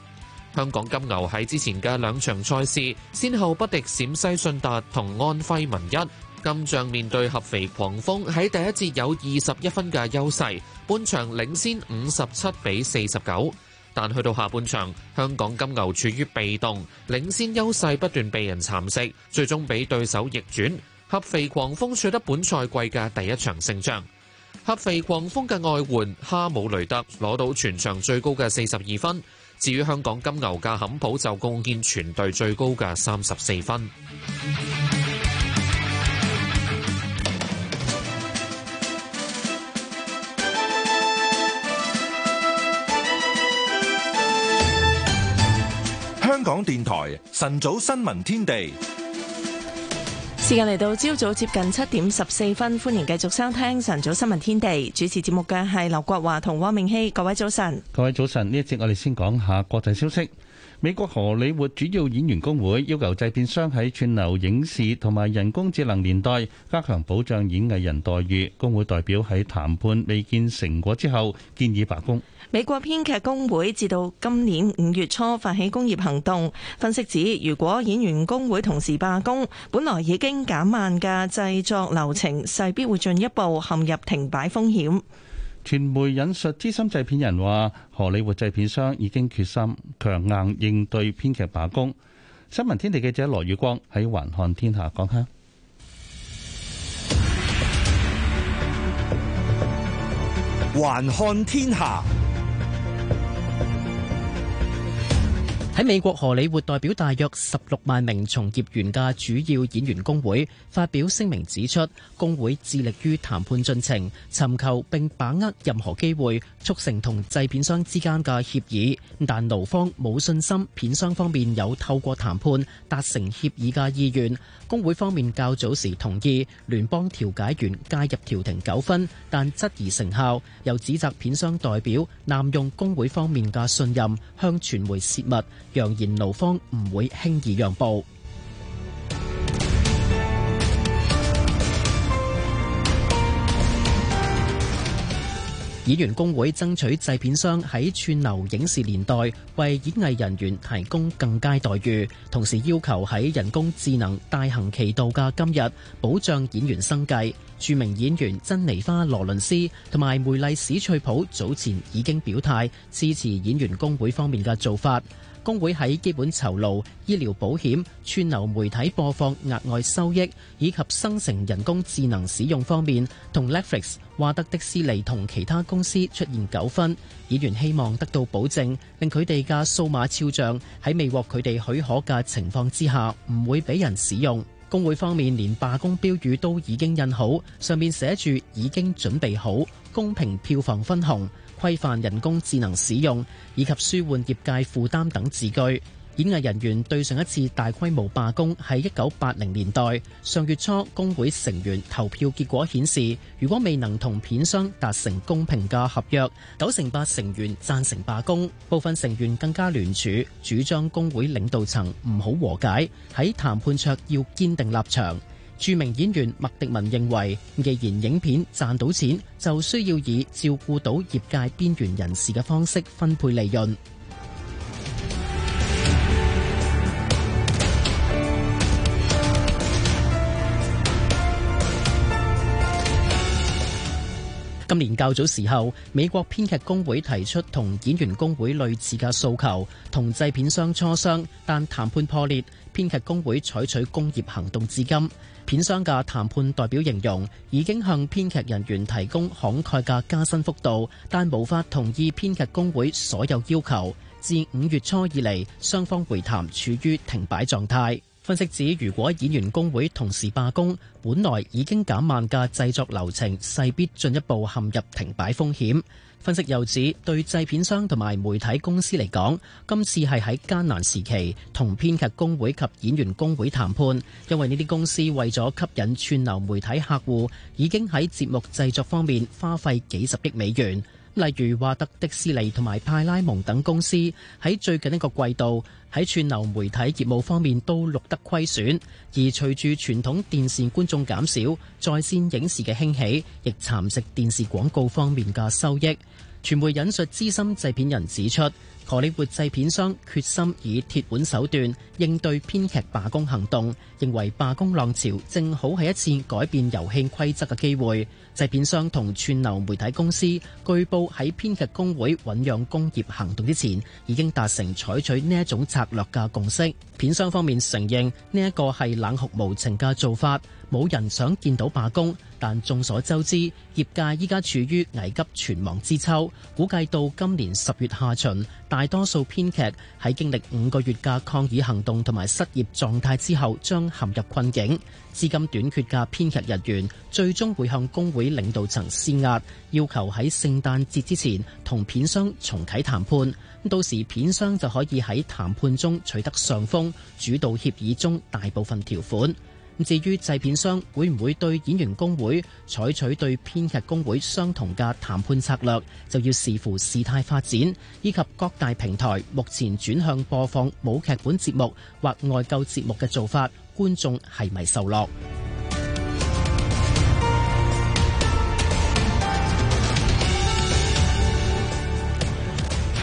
香港金牛喺之前嘅兩場賽事，先後不敵陝西信達同安徽文一。金將面對合肥狂風，喺第一節有二十一分嘅優勢，半場領先五十七比四十九。但去到下半場，香港金牛處於被動，領先優勢不斷被人蠶食，最終俾對手逆轉。合肥狂風取得本賽季嘅第一場勝仗。合肥狂風嘅外援哈姆雷特攞到全場最高嘅四十二分，至於香港金牛嘅坎普就貢獻全隊最高嘅三十四分。香港電台晨早新聞天地，時間嚟到朝早接近七點十四分，歡迎繼續收聽晨早新聞天地。主持節目嘅係劉國華同汪明熙，各位早晨，各位早晨。呢一節我哋先講下國際消息。美國荷里活主要演員工會要求製片商喺串流影視同埋人工智能年代加強保障演藝人待遇。工會代表喺談判未見成果之後，建議罷工。美國編劇工會至到今年五月初發起工業行動，分析指如果演員工會同時罷工，本來已經減慢嘅製作流程勢必會進一步陷入停擺風險。傳媒引述資深製片人話，荷里活製片商已經決心強硬應對編劇罷工。新聞天地記者羅宇光喺《環看天下》講下，《環看天下》。喺美國荷里活代表大約十六萬名從業員嘅主要演員工會發表聲明指出，工會致力於談判進程，尋求並把握任何機會促成同製片商之間嘅協議。但勞方冇信心，片商方面有透過談判達成協議嘅意願。工會方面較早時同意聯邦調解員介入調停糾紛，但質疑成效，又指責片商代表濫用工會方面嘅信任，向傳媒洩密。揚言勞方唔會輕易讓步。演員工會爭取製片商喺串流影視年代為演藝人員提供更佳待遇，同時要求喺人工智能大行其道嘅今日保障演員生計。著名演員珍妮花羅倫斯同埋梅麗史翠普早前已經表態支持演員工會方面嘅做法。工會喺基本酬勞、醫療保險、串流媒體播放額外收益以及生成人工智能使用方面，同 Netflix、華特迪士尼同其他公司出現糾紛。議員希望得到保證，令佢哋嘅數碼肖像喺未獲佢哋許可嘅情況之下，唔會俾人使用。工會方面連罷工標語都已經印好，上面寫住已經準備好，公平票房分紅，規範人工智能使用以及舒緩業界負擔等字句。演藝人員對上一次大規模罷工喺一九八零年代。上月初工會成員投票結果顯示，如果未能同片商達成公平嘅合約，九成八成員贊成罷工。部分成員更加聯署，主張工會領導層唔好和解，喺談判桌要堅定立場。著名演員麥迪文認為，既然影片賺到錢，就需要以照顧到業界邊緣人士嘅方式分配利潤。今年較早時候，美國編劇工會提出同演員工會類似嘅訴求，同製片商磋商，但談判破裂。編劇工會採取工業行動至今。片商嘅談判代表形容已經向編劇人員提供慷慨嘅加薪幅度，但無法同意編劇工會所有要求。自五月初以嚟，雙方會談處於停擺狀態，分析指，如果演員工會同時罷工，本來已經減慢嘅製作流程，勢必進一步陷入停擺風險。分析又指，對製片商同埋媒體公司嚟講，今次係喺艱難時期同編劇工會及演員工會談判，因為呢啲公司為咗吸引串流媒體客戶，已經喺節目製作方面花費幾十億美元。例如，華特迪士尼同埋派拉蒙等公司喺最近一個季度喺串流媒體業務方面都錄得虧損，而隨住傳統電視觀眾減少，在線影視嘅興起，亦蠶食電視廣告方面嘅收益。傳媒引述資深製片人指出，荷里活製片商決心以鐵腕手段應對編劇罷工行動，認為罷工浪潮正好係一次改變遊戲規則嘅機會，製片商同串流媒體公司據報喺編劇工會醞釀工業行動之前，已經達成採取呢一種策略嘅共識，片商方面承認呢一個係冷酷無情嘅做法，冇人想見到罷工，但眾所周知，業界依家處於危急存亡之秋，估計到今年十月下旬。大多數編劇喺經歷五個月嘅抗議行動同埋失業狀態之後，將陷入困境。資金短缺嘅編劇人員最終會向工會領導層施壓，要求喺聖誕節之前同片商重啟談判。到時片商就可以喺談判中取得上風，主導協議中大部分條款。咁至於製片商會唔會對演員工會採取對編劇工會相同嘅談判策略，就要視乎事態發展，以及各大平台目前轉向播放無劇本節目或外購節目嘅做法，觀眾係咪受落？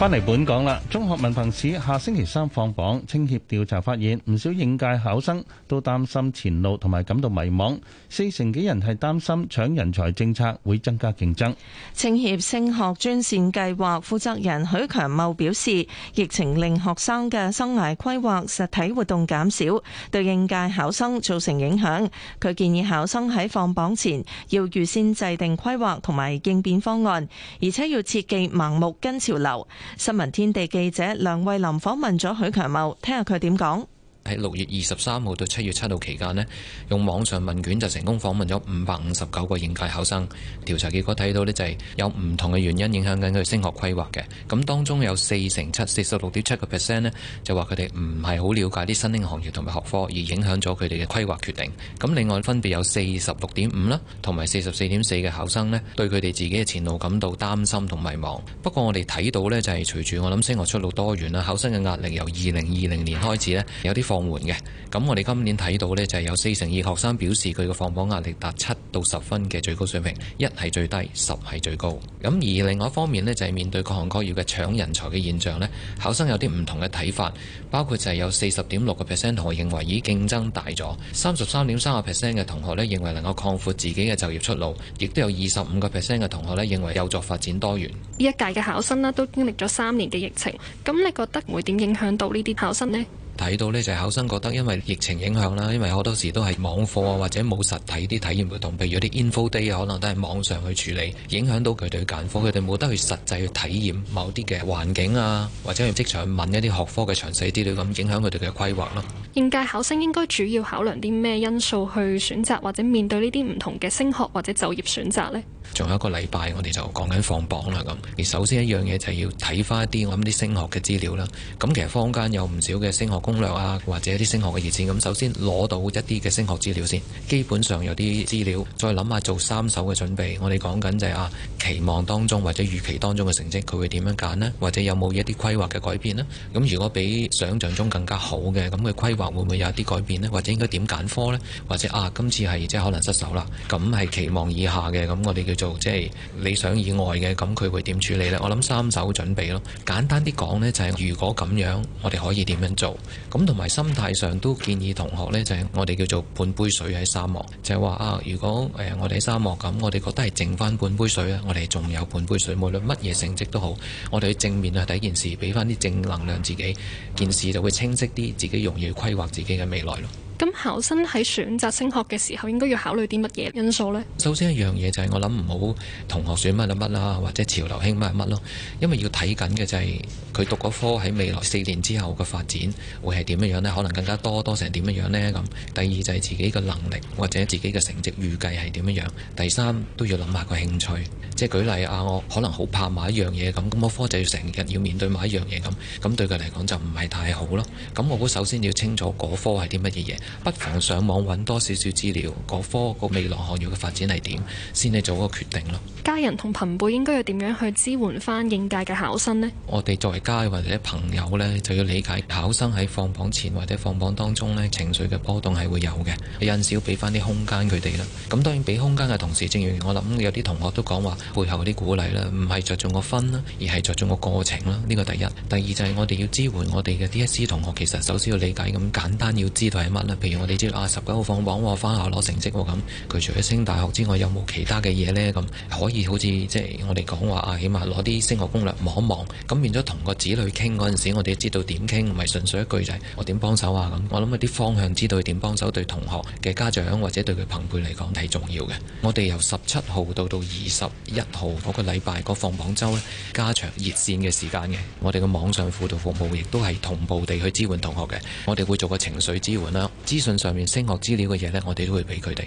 返嚟本港啦！中學文憑試下星期三放榜，青協調查發現唔少應屆考生都擔心前路同埋感到迷茫。四成幾人係擔心搶人才政策會增加競爭，青協升學專線計劃負責人許強茂表示，疫情令學生嘅生涯規劃實體活動減少，對應屆考生造成影響，佢建議考生喺放榜前要預先制定規劃同埋應變方案，而且要切忌盲目跟潮流。新聞天地記者梁慧琳訪問咗許強茂，聽下佢點講。喺六月二十三號到七月七號期間呢，用網上問卷就成功訪問咗五百五十九個應屆考生。調查結果睇到呢，就係有唔同嘅原因影響緊佢升學規劃嘅。咁當中有四成七，四十六點七個 percent 呢，就話佢哋唔係好了解啲新興行業同埋學科，而影響咗佢哋嘅規劃決定。咁另外分別有四十六點五啦，同埋四十四點四嘅考生呢，對佢哋自己嘅前路感到擔心同迷茫。不過我哋睇到呢，就係隨住我諗升學出路多元啦，考生嘅壓力由二零二零年開始呢，有啲放緩嘅咁，我哋今年睇到呢，就係有四成二學生表示佢嘅放榜壓力達七到十分嘅最高水平，一係最低，十係最高。咁而另外一方面呢，就係面對各行各業嘅搶人才嘅現象呢，考生有啲唔同嘅睇法，包括就係有四十點六個 percent 同學認為已經競爭大咗，三十三點三個 percent 嘅同學呢，認為能夠擴闊自己嘅就業出路，亦都有二十五個 percent 嘅同學呢，認為有助發展多元。呢一屆嘅考生啦，都經歷咗三年嘅疫情，咁你覺得會點影響到呢啲考生呢？睇到呢，就係考生覺得，因為疫情影響啦，因為好多時都係網課啊，或者冇實體啲體驗活動，譬如啲 info day 啊，可能都係網上去處理，影響到佢哋揀科，佢哋冇得去實際去體驗某啲嘅環境啊，或者去職場問一啲學科嘅詳細資料，咁影響佢哋嘅規劃咯。應屆考生應該主要考量啲咩因素去選擇或者面對呢啲唔同嘅升學或者就業選擇咧？仲有一個禮拜，我哋就講緊放榜啦咁。而首先一樣嘢就係要睇翻一啲我諗啲升學嘅資料啦。咁其實坊間有唔少嘅升學。攻略啊，或者一啲升學嘅熱線，咁，首先攞到一啲嘅升學資料先，基本上有啲資料再諗下做三手嘅準備。我哋講緊就係啊，期望當中或者預期當中嘅成績，佢會點樣揀呢？或者有冇一啲規劃嘅改變呢？咁如果比想象中更加好嘅，咁佢規劃會唔會有啲改變呢？或者應該點揀科呢？或者啊，今次係，即係可能失手啦，咁係期望以下嘅，咁我哋叫做即係理想以外嘅，咁佢會點處理呢？我諗三手準備咯。簡單啲講呢，就係如果咁樣，我哋可以點樣做？咁同埋心態上都建議同學呢，就係我哋叫做半杯水喺沙漠，就係話啊，如果誒我哋喺沙漠咁，我哋覺得係剩翻半杯水啊，我哋仲有半杯水，無論乜嘢成績都好，我哋去正面啊，第一件事俾翻啲正能量自己，件事就會清晰啲，自己容易規劃自己嘅未來咯。咁考生喺選擇升學嘅時候應該要考慮啲乜嘢因素呢？首先一樣嘢就係我諗唔好同學選乜就乜啦，或者潮流興乜乜咯。因為要睇緊嘅就係佢讀嗰科喺未來四年之後嘅發展會係點樣呢？可能更加多多成點樣呢。咁第二就係自己嘅能力或者自己嘅成績預計係點樣。第三都要諗下個興趣，即係舉例啊，我可能好怕某一樣嘢咁，咁我科就要成日要面對某一樣嘢咁，咁對佢嚟講就唔係太好咯。咁我好首先要清楚嗰科係啲乜嘢嘢。不妨上網揾多少少資料，嗰科個未來學業嘅發展係點，先嚟做個決定咯。家人同朋輩應該要點樣去支援翻應屆嘅考生呢？我哋作為家人或者朋友呢，就要理解考生喺放榜前或者放榜當中呢，情緒嘅波動係會有嘅，有陣時要俾翻啲空間佢哋啦。咁當然俾空間嘅同時，正如我諗，有啲同學都講話背後嗰啲鼓勵啦，唔係着重個分啦，而係着重個過程啦。呢個第一，第二就係我哋要支援我哋嘅 DSE 同學，其實首先要理解咁簡單，要知道係乜譬如我哋知道啊，十九號放榜喎，返校攞成績喎，咁、嗯、佢除咗升大學之外，有冇其他嘅嘢呢？咁、嗯、可以好似即係我哋講話啊，起碼攞啲升學攻略望一望，咁、嗯、變咗同個子女傾嗰陣時，我哋知道點傾，唔係純粹一句就係、是、我點幫手啊咁。我諗啊啲方向知道點幫手，對同學嘅家長或者對佢朋輩嚟講係重要嘅。我哋由十七號到到二十一號嗰個禮拜、嗰個放榜周呢，加長熱線嘅時間嘅。我哋嘅網上輔導服務亦都係同步地去支援同學嘅。我哋會做個情緒支援啦。資訊上面升學資料嘅嘢呢，我哋都會俾佢哋。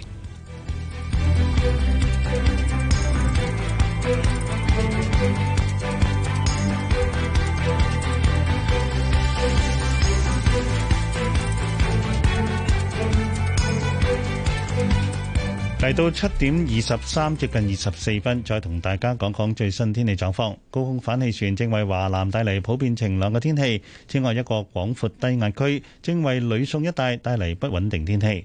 嚟到七點二十三，接近二十四分，再同大家講講最新天氣狀況。高空反氣旋正為華南帶嚟普遍晴朗嘅天氣，此外一個廣闊低壓區正為呂宋一帶帶嚟不穩定天氣。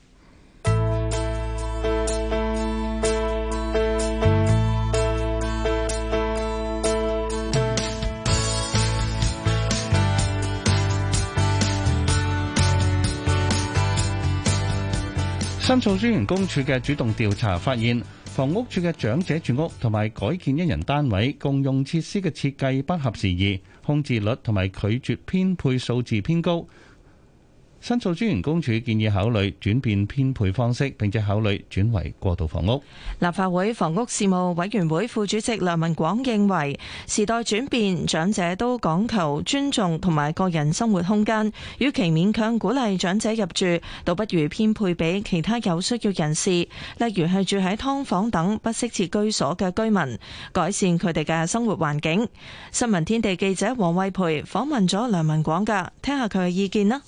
申訴專員公署嘅主動調查發現，房屋署嘅長者住屋同埋改建一人單位共用設施嘅設計不合時宜，空置率同埋拒絕編配數字偏高。申訴專員公署建議考慮轉變編配方式，並且考慮轉為過渡房屋。立法會房屋事務委員會副主席梁文廣認為，時代轉變，長者都講求尊重同埋個人生活空間。與其勉強鼓勵長者入住，倒不如編配俾其他有需要人士，例如係住喺劏房等不適切居所嘅居民，改善佢哋嘅生活環境。新聞天地記者黃慧培訪問咗梁文廣，噶聽下佢嘅意見啦。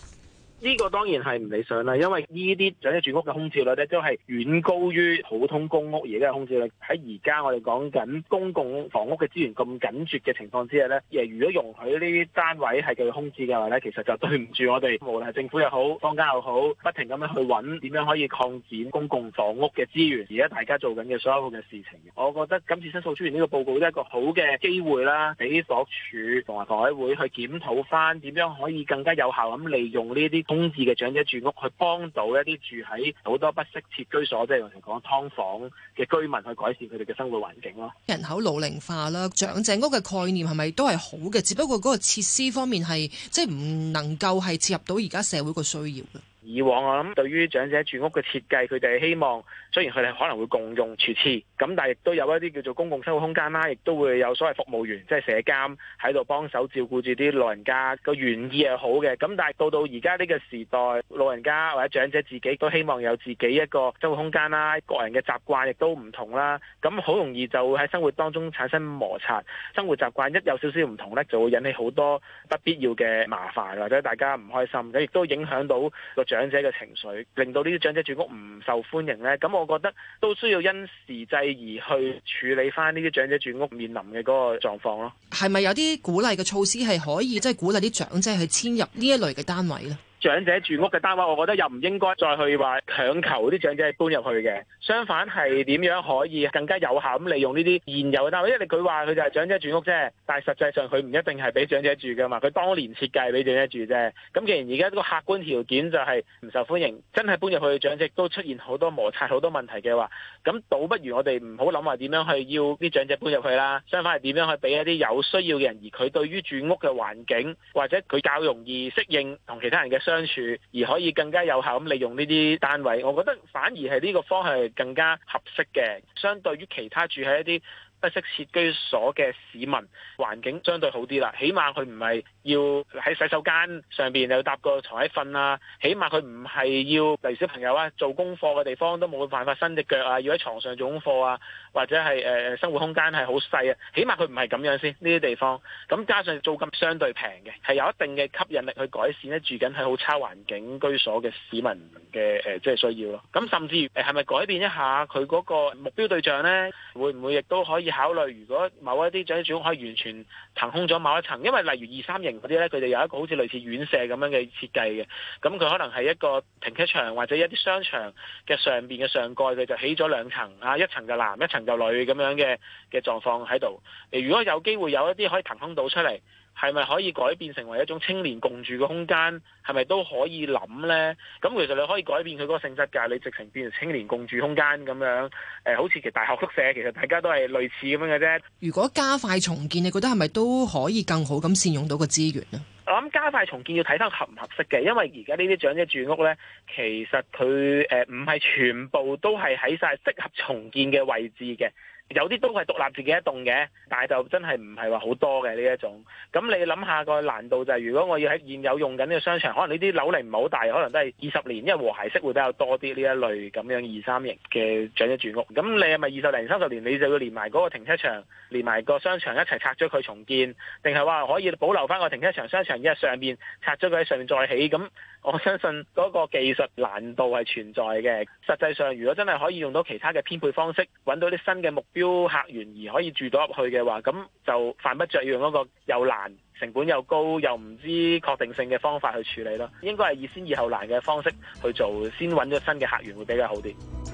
呢個當然係唔理想啦，因為呢啲長者住屋嘅空置率咧，都係遠高於普通公屋而家嘅空置率。喺而家我哋講緊公共房屋嘅資源咁緊缺嘅情況之下咧，誒如果容許呢啲單位係繼續空置嘅話咧，其實就對唔住我哋，無論係政府又好，房間又好，不停咁樣去揾點樣可以擴展公共房屋嘅資源。而家大家做緊嘅所有嘅事情，我覺得今次申訴專員呢個報告都係一個好嘅機會啦，俾所處同埋房委會去檢討翻點樣可以更加有效咁利用呢啲。公置嘅長者住屋，去幫到一啲住喺好多不適切居所，即係用嚟講劏房嘅居民，去改善佢哋嘅生活環境咯。人口老齡化啦，長者屋嘅概念係咪都係好嘅？只不過嗰個設施方面係即係唔能夠係切入到而家社會嘅需要嘅。以往我諗對於長者住屋嘅設計，佢哋希望雖然佢哋可能會共用廚廁，咁但係亦都有一啲叫做公共生活空間啦，亦都會有所謂服務員即係、就是、社監喺度幫手照顧住啲老人家。個原意係好嘅，咁但係到到而家呢個時代，老人家或者長者自己都希望有自己一個生活空間啦。個人嘅習慣亦都唔同啦，咁好容易就會喺生活當中產生摩擦。生活習慣一有少少唔同咧，就會引起好多不必要嘅麻煩或者大家唔開心，亦都影響到落長者嘅情緒，令到呢啲長者住屋唔受歡迎呢。咁我覺得都需要因時制宜去處理翻呢啲長者住屋面臨嘅嗰個狀況咯。係咪有啲鼓勵嘅措施係可以，即係鼓勵啲長者去遷入呢一類嘅單位呢？長者住屋嘅單位，我覺得又唔應該再去話強求啲長者搬入去嘅。相反係點樣可以更加有效咁利用呢啲現有嘅單位？因為佢話佢就係長者住屋啫，但係實際上佢唔一定係俾長者住噶嘛。佢當年設計俾長者住啫。咁既然而家個客觀條件就係唔受歡迎，真係搬入去長者都出現好多摩擦、好多問題嘅話，咁倒不如我哋唔好諗話點樣去要啲長者搬入去啦。相反係點樣去俾一啲有需要嘅人，而佢對於住屋嘅環境或者佢較容易適應同其他人嘅相相處而可以更加有效咁利用呢啲單位，我覺得反而係呢個方向係更加合適嘅，相對於其他住喺一啲。不適設居所嘅市民，環境相對好啲啦，起碼佢唔係要喺洗手間上邊又搭個床喺瞓啦，起碼佢唔係要例如小朋友啊做功課嘅地方都冇辦法伸隻腳啊，要喺床上做功課啊，或者係誒、呃、生活空間係好細啊，起碼佢唔係咁樣先呢啲地方。咁加上租金相對平嘅，係有一定嘅吸引力去改善咧住緊係好差環境居所嘅市民嘅誒即係需要咯，咁甚至係咪改變一下佢嗰個目標對象呢？會唔會亦都可以？考慮如果某一啲總體可以完全騰空咗某一層，因為例如二三型嗰啲呢，佢哋有一個好似類似院舍咁樣嘅設計嘅，咁佢可能係一個停車場或者一啲商場嘅上面嘅上蓋，佢就起咗兩層啊，一層就男，一層就女咁樣嘅嘅狀況喺度。如果有機會有一啲可以騰空到出嚟。係咪可以改變成為一種青年共住嘅空間？係咪都可以諗呢？咁其實你可以改變佢嗰個性質㗎，你直情變成青年共住空間咁樣，誒、呃，好似其實大學宿舍，其實大家都係類似咁樣嘅啫。如果加快重建，你覺得係咪都可以更好咁善用到個資源咧？我諗加快重建要睇翻合唔合適嘅，因為而家呢啲長者住屋呢，其實佢誒唔係全部都係喺晒適合重建嘅位置嘅。有啲都係獨立自己一棟嘅，但係就真係唔係話好多嘅呢一種。咁你諗下個難度就係、是，如果我要喺現有用緊呢個商場，可能呢啲樓齡唔係好大，可能都係二十年，因為和諧式會比較多啲呢一類咁樣二三型嘅長者住屋。咁你係咪二十零三十年，年你就要連埋嗰個停車場、連埋個商場一齊拆咗佢重建？定係話可以保留翻個停車場、商場，一係上面拆咗佢喺上面再起？咁我相信嗰個技術難度係存在嘅。實際上，如果真係可以用到其他嘅編配方式，揾到啲新嘅目的。標客源而可以住到入去嘅話，咁就犯不著要用一個又難、成本又高、又唔知確定性嘅方法去處理咯。應該係以先易後難嘅方式去做，先揾咗新嘅客源會比較好啲。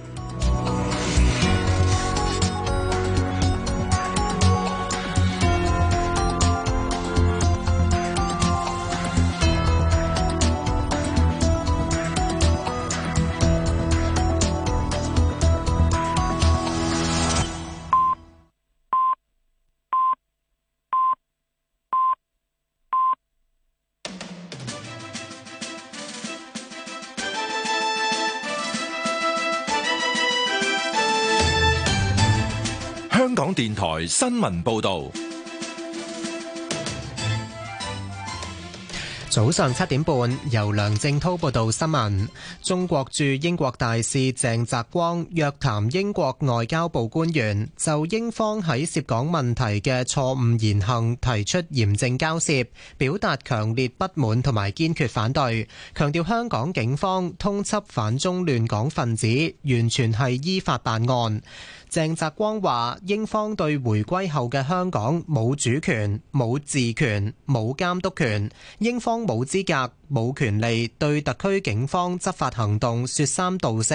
電台新聞報道，早上七點半，由梁正濤報道新聞。中國駐英國大使鄭澤光約談英國外交部官員，就英方喺涉港問題嘅錯誤言行提出嚴正交涉，表達強烈不滿同埋堅決反對，強調香港警方通緝反中亂港分子，完全係依法辦案。鄭澤光話：英方對回歸後嘅香港冇主權、冇治權、冇監督權，英方冇資格，冇權利對特區警方執法行動説三道四，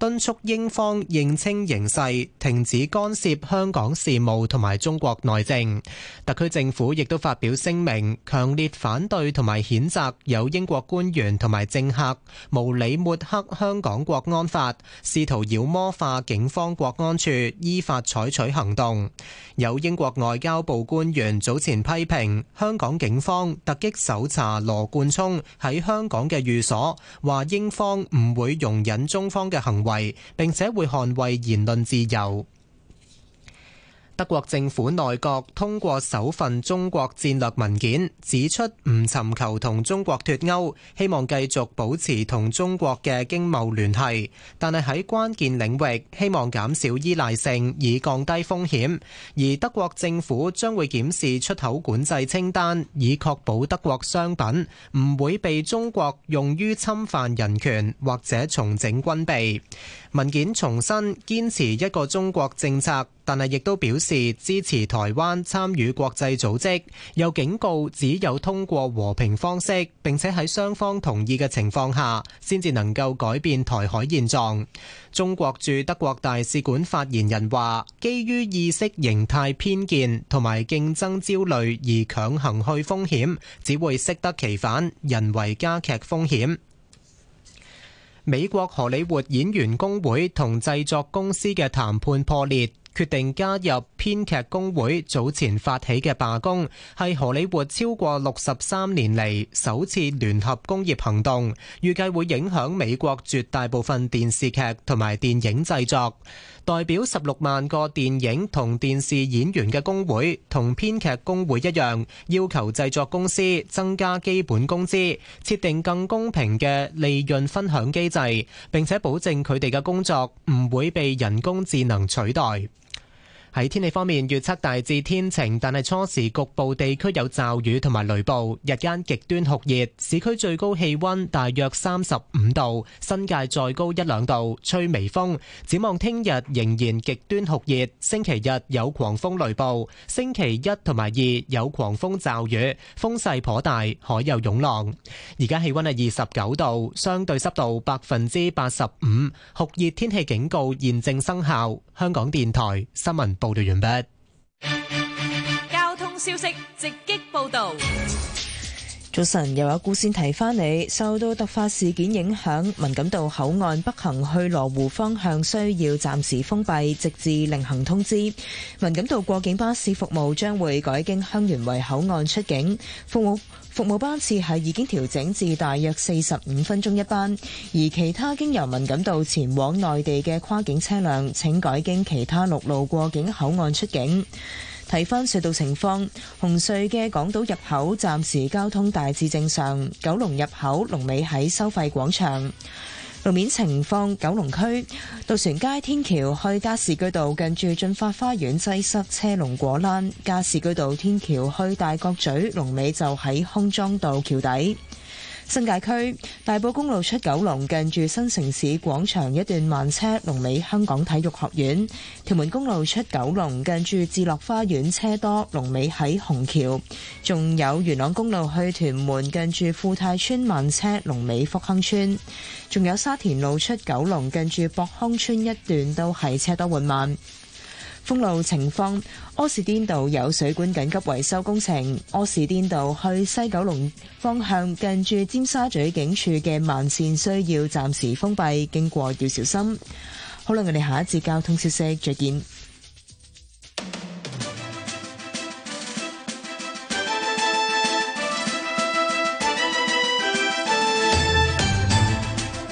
敦促英方認清形勢，停止干涉香港事務同埋中國內政。特區政府亦都發表聲明，強烈反對同埋譴責有英國官員同埋政客無理抹黑香港國安法，試圖妖魔化警方國安處依法採取行動。有英國外交部官員早前批評香港警方突擊搜查羅冠聰喺香港嘅寓所，話，英方唔會容忍中方嘅行為，並且會捍衛言論自由。德國政府內閣通過首份中國戰略文件，指出唔尋求同中國脫鉤，希望繼續保持同中國嘅經貿聯繫，但係喺關鍵領域希望減少依賴性，以降低風險。而德國政府將會檢視出口管制清單，以確保德國商品唔會被中國用於侵犯人權或者重整軍備。文件重申堅持一個中國政策。但係，亦都表示支持台灣參與國際組織，又警告只有通過和平方式，並且喺雙方同意嘅情況下，先至能夠改變台海現狀。中國駐德國大使館發言人話，基於意識形態偏見同埋競爭焦慮而強行去風險，只會適得其反，人為加劇風險。美國荷里活演員工會同製作公司嘅談判破裂，決定加入編劇工會早前發起嘅罷工，係荷里活超過六十三年嚟首次聯合工業行動，預計會影響美國絕大部分電視劇同埋電影製作。代表十六萬個電影同電視演員嘅工會，同編劇工會一樣，要求製作公司增加基本工資，設定更公平嘅利潤分享機制，並且保證佢哋嘅工作唔會被人工智能取代。喺天氣方面，預測大致天晴，但係初時局部地區有驟雨同埋雷暴，日間極端酷熱，市區最高氣溫大約三十五度，新界再高一兩度，吹微風。展望聽日仍然極端酷熱，星期日有狂風雷暴，星期一同埋二有狂風驟雨，風勢頗大，海有湧浪。而家氣溫係二十九度，相對濕度百分之八十五，酷熱天氣警告現正生效。香港電台新聞。報道完畢。交通消息直擊報道。早晨，又有姑先提翻你，受到突發事件影響，文錦道口岸北行去羅湖方向需要暫時封閉，直至另行通知。文錦道過境巴士服務將會改經香園圍口岸出境，服務服務，班次係已經調整至大約四十五分鐘一班，而其他經由文錦道前往內地嘅跨境車輛請改經其他陸路過境口岸出境。睇翻隧道情況，紅隧嘅港島入口暫時交通大致正常。九龍入口龍尾喺收費廣場。路面情況，九龍區渡船街天橋去加士居道近住進發花園擠塞，車龍果欄，加士居道天橋去大角咀龍尾就喺空莊道橋底。新界區大埔公路出九龍近住新城市廣場一段慢車，龍尾香港體育學院。屯門公路出九龍近住智樂花園車多，龍尾喺紅橋。仲有元朗公路去屯門近住富泰村慢車，龍尾福亨村。仲有沙田路出九龍近住博康村一段都係車多緩慢。封路情況，柯士甸道有水管緊急維修工程，柯士甸道去西九龍方向近住尖沙咀警署嘅慢線需要暫時封閉，經過要小心。好啦，我哋下一節交通消息再見。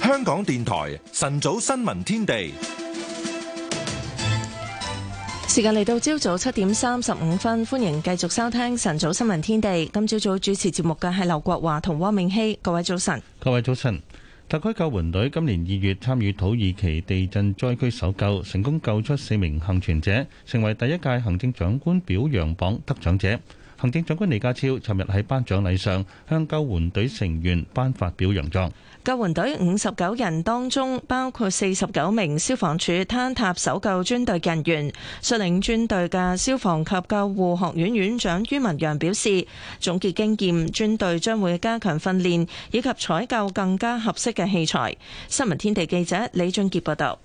香港電台晨早新聞天地。時間嚟到朝早七點三十五分，歡迎繼續收聽晨早新聞天地。今朝早主持節目嘅係劉國華同汪明熙，各位早晨，各位早晨。特區救援隊今年二月參與土耳其地震災區搜救，成功救出四名幸存者，成為第一屆行政長官表揚榜得獎者。行政長官李家超尋日喺頒獎禮上向救援隊成員頒發表揚狀。救援隊五十九人當中，包括四十九名消防處坍塌搜救專隊人員。率領專隊嘅消防及救護學院院長于文洋表示，總結經驗，專隊將會加強訓練以及採購更加合適嘅器材。新聞天地記者李俊傑報道，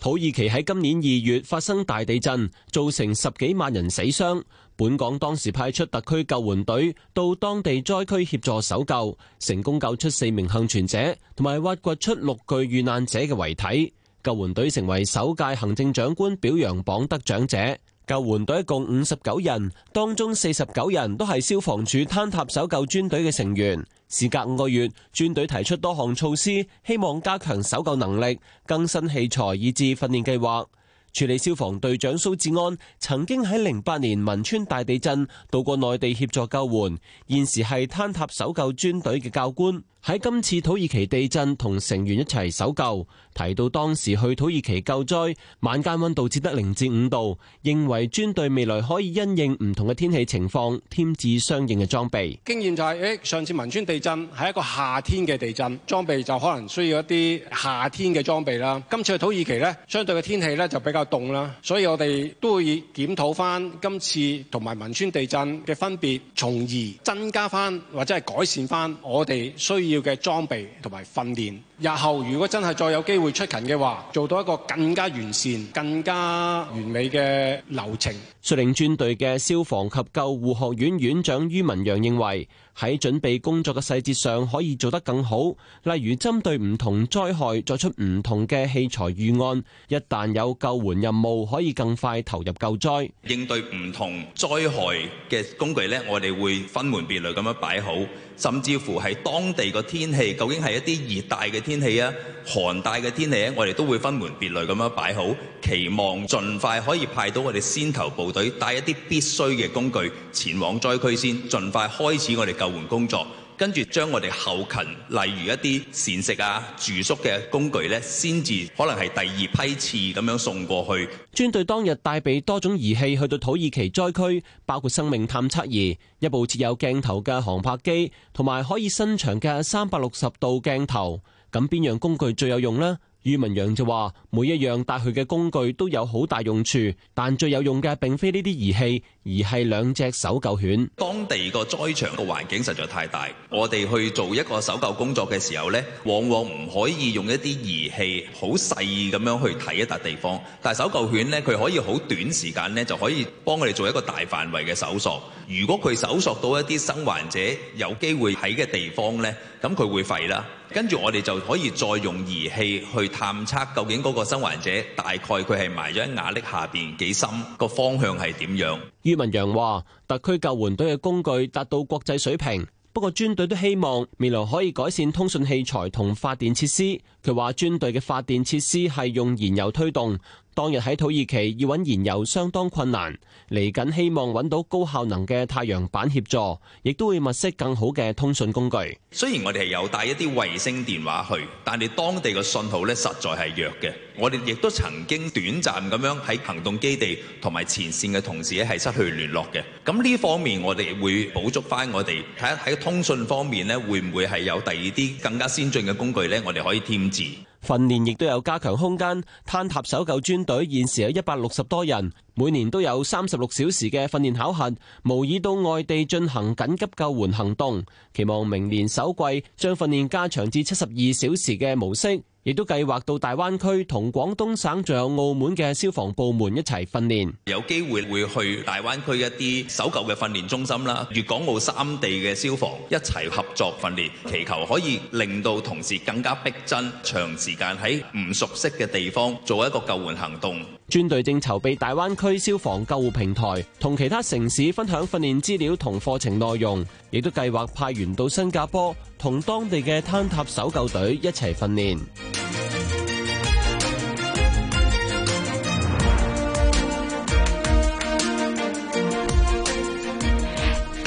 土耳其喺今年二月發生大地震，造成十幾萬人死傷。本港當時派出特區救援隊到當地災區協助搜救，成功救出四名幸存者，同埋挖掘出六具遇難者嘅遺體。救援隊成為首屆行政長官表揚榜得獎者。救援隊共五十九人，當中四十九人都係消防處坍塌搜救專隊嘅成員。事隔五個月，專隊提出多項措施，希望加強搜救能力、更新器材以至訓練計劃。處理消防隊長蘇志安曾經喺零八年汶川大地震到過內地協助救援，現時係坍塌搜救專隊嘅教官。喺今次土耳其地震同成員一齊搜救，提到當時去土耳其救災，晚間溫度只得零至五度，認為專隊未來可以因應唔同嘅天氣情況，添置相應嘅裝備。經驗就係，誒，上次汶川地震係一個夏天嘅地震，裝備就可能需要一啲夏天嘅裝備啦。今次去土耳其咧，相對嘅天氣咧就比較凍啦，所以我哋都會檢討翻今次同埋汶川地震嘅分別，從而增加翻或者係改善翻我哋需要。要嘅裝備同埋訓練，日後如果真係再有機會出勤嘅話，做到一個更加完善、更加完美嘅流程。率領專隊嘅消防及救護學院院長于文陽認為。喺準備工作嘅細節上可以做得更好，例如針對唔同災害作出唔同嘅器材預案，一旦有救援任務，可以更快投入救災。應對唔同災害嘅工具呢，我哋會分門別類咁樣擺好，甚至乎係當地個天氣，究竟係一啲熱帶嘅天氣啊，寒帶嘅天氣，我哋都會分門別類咁樣擺好，期望盡快可以派到我哋先頭部隊，帶一啲必須嘅工具前往災區先，盡快開始我哋救換工作，跟住將我哋後勤，例如一啲膳食啊、住宿嘅工具呢，先至可能係第二批次咁樣送過去。專隊當日帶備多種儀器去到土耳其災區，包括生命探測儀、一部設有鏡頭嘅航拍機，同埋可以伸長嘅三百六十度鏡頭。咁邊樣工具最有用呢？于文陽就話：每一樣帶去嘅工具都有好大用處，但最有用嘅並非呢啲儀器，而係兩隻搜救犬。當地個災場個環境實在太大，我哋去做一個搜救工作嘅時候呢，往往唔可以用一啲儀器好細咁樣去睇一笪地方，但係搜救犬呢，佢可以好短時間呢就可以幫我哋做一個大範圍嘅搜索。如果佢搜索到一啲生還者有機會喺嘅地方呢。咁佢會吠啦，跟住我哋就可以再用儀器去探測究竟嗰個生還者大概佢係埋咗喺瓦礫下邊幾深，個方向係點樣？于文陽話：特區救援隊嘅工具達到國際水平，不過專隊都希望未來可以改善通訊器材同發電設施。佢話專隊嘅發電設施係用燃油推動。當日喺土耳其要揾燃油相當困難，嚟緊希望揾到高效能嘅太陽板協助，亦都會物色更好嘅通訊工具。雖然我哋係有帶一啲衛星電話去，但係當地嘅信號呢實在係弱嘅。我哋亦都曾經短暫咁樣喺行動基地同埋前線嘅同事呢係失去聯絡嘅。咁呢方面我哋會補足返，我哋睇下喺通訊方面呢，會唔會係有第二啲更加先進嘅工具呢？我哋可以添置。訓練亦都有加強空間。坍塌搜救專隊現時有一百六十多人，每年都有三十六小時嘅訓練考核，模擬到外地進行緊急救援行動。期望明年首季將訓練加長至七十二小時嘅模式。亦都計劃到大灣區同廣東省仲有澳門嘅消防部門一齊訓練，有機會會去大灣區一啲搜救嘅訓練中心啦，粵港澳三地嘅消防一齊合作訓練，祈求可以令到同事更加逼真，長時間喺唔熟悉嘅地方做一個救援行動。專隊正籌備大灣區消防救護平台，同其他城市分享訓練資料同課程內容，亦都計劃派員到新加坡同當地嘅坍塌搜救隊一齊訓練。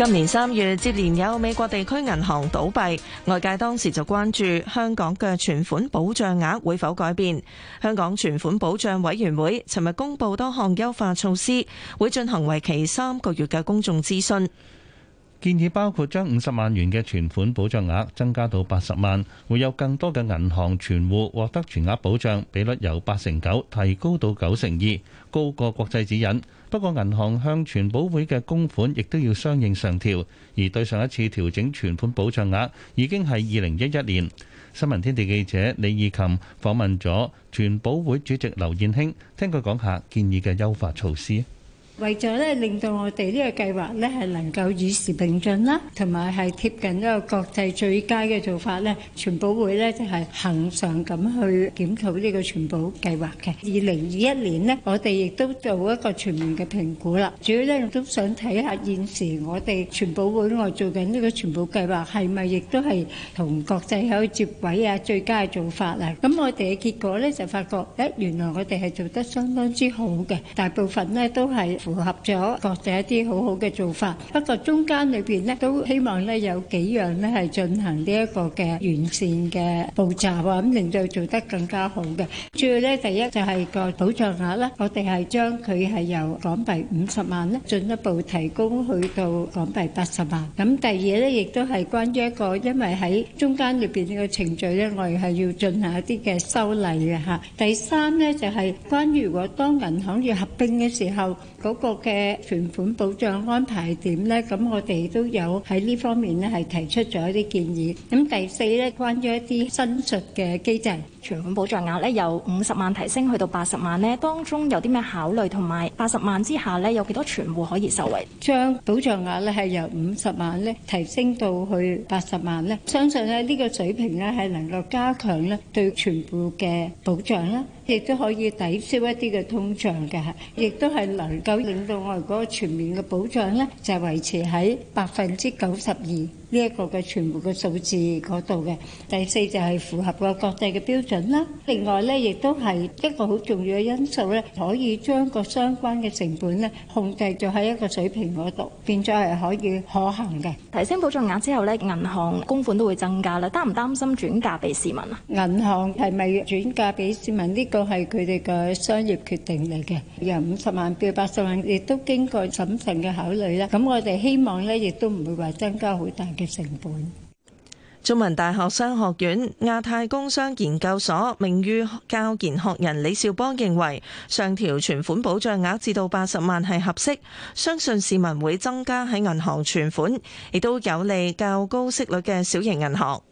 今年三月，接連有美國地區銀行倒閉，外界當時就關注香港嘅存款保障額會否改變。香港存款保障委員會尋日公布多項優化措施，會進行為期三個月嘅公眾諮詢。建議包括將五十萬元嘅存款保障額增加到八十萬，會有更多嘅銀行存戶獲得全額保障，比率由八成九提高到九成二，高過國際指引。不過，銀行向存保會嘅供款亦都要相應上調。而對上一次調整存款保障額，已經係二零一一年。新聞天地記者李義琴訪問咗存保會主席劉燕卿，聽佢講下建議嘅優化措施。為咗咧令到我哋呢個計劃咧係能夠與時並進啦，同埋係貼近呢個國際最佳嘅做法咧，全保會咧就係恆常咁去檢討呢個全保計劃嘅。二零二一年呢，我哋亦都做一個全面嘅評估啦。主要咧都想睇下現時我哋全保會我做緊呢個全保計劃係咪亦都係同國際喺度接軌啊，最佳嘅做法啊。咁我哋嘅結果咧就發覺，誒原來我哋係做得相當之好嘅，大部分咧都係。符合咗國際一啲好好嘅做法，不過中間裏邊咧都希望咧有幾樣咧係進行呢一個嘅完善嘅步驟啊，咁令到做得更加好嘅。主要咧第一就係個保障額咧，我哋係將佢係由港幣五十萬咧進一步提供去到港幣八十萬。咁第二咧亦都係關於一個，因為喺中間裏邊呢個程序咧，我哋係要進行一啲嘅修例嘅嚇。第三咧就係關於如果當銀行要合併嘅時候。嗰個嘅存款保障安排點呢？咁我哋都有喺呢方面呢，係提出咗一啲建議。咁第四呢，關於一啲新出嘅機制，存款保障額呢由五十萬提升去到八十萬呢當中有啲咩考慮，同埋八十萬之下呢，有幾多存戶可以受惠？將保障額呢係由五十萬呢提升到去八十萬呢相信呢呢個水平呢，係能夠加強呢對存戶嘅保障啦。亦都可以抵消一啲嘅通脹嘅，亦都係能夠令到我哋嗰個全面嘅保障咧，就維持喺百分之九十二。呢一個嘅全部嘅數字嗰度嘅第四就係符合個國際嘅標準啦。另外呢，亦都係一個好重要嘅因素呢，可以將個相關嘅成本呢，控制咗喺一個水平嗰度，變咗係可以可行嘅。提升保障額之後呢，銀行供款都會增加啦。擔唔擔心轉嫁俾市民啊？銀行係咪轉嫁俾市民？呢個係佢哋嘅商業決定嚟嘅。由五十萬變八十萬，亦都經過審慎嘅考慮啦。咁我哋希望呢，亦都唔會話增加好大嘅。成中文大學商學院亞太工商研究所名譽教研學人李兆波認為，上調存款保障額至到八十萬係合適，相信市民會增加喺銀行存款，亦都有利較高息率嘅小型銀行。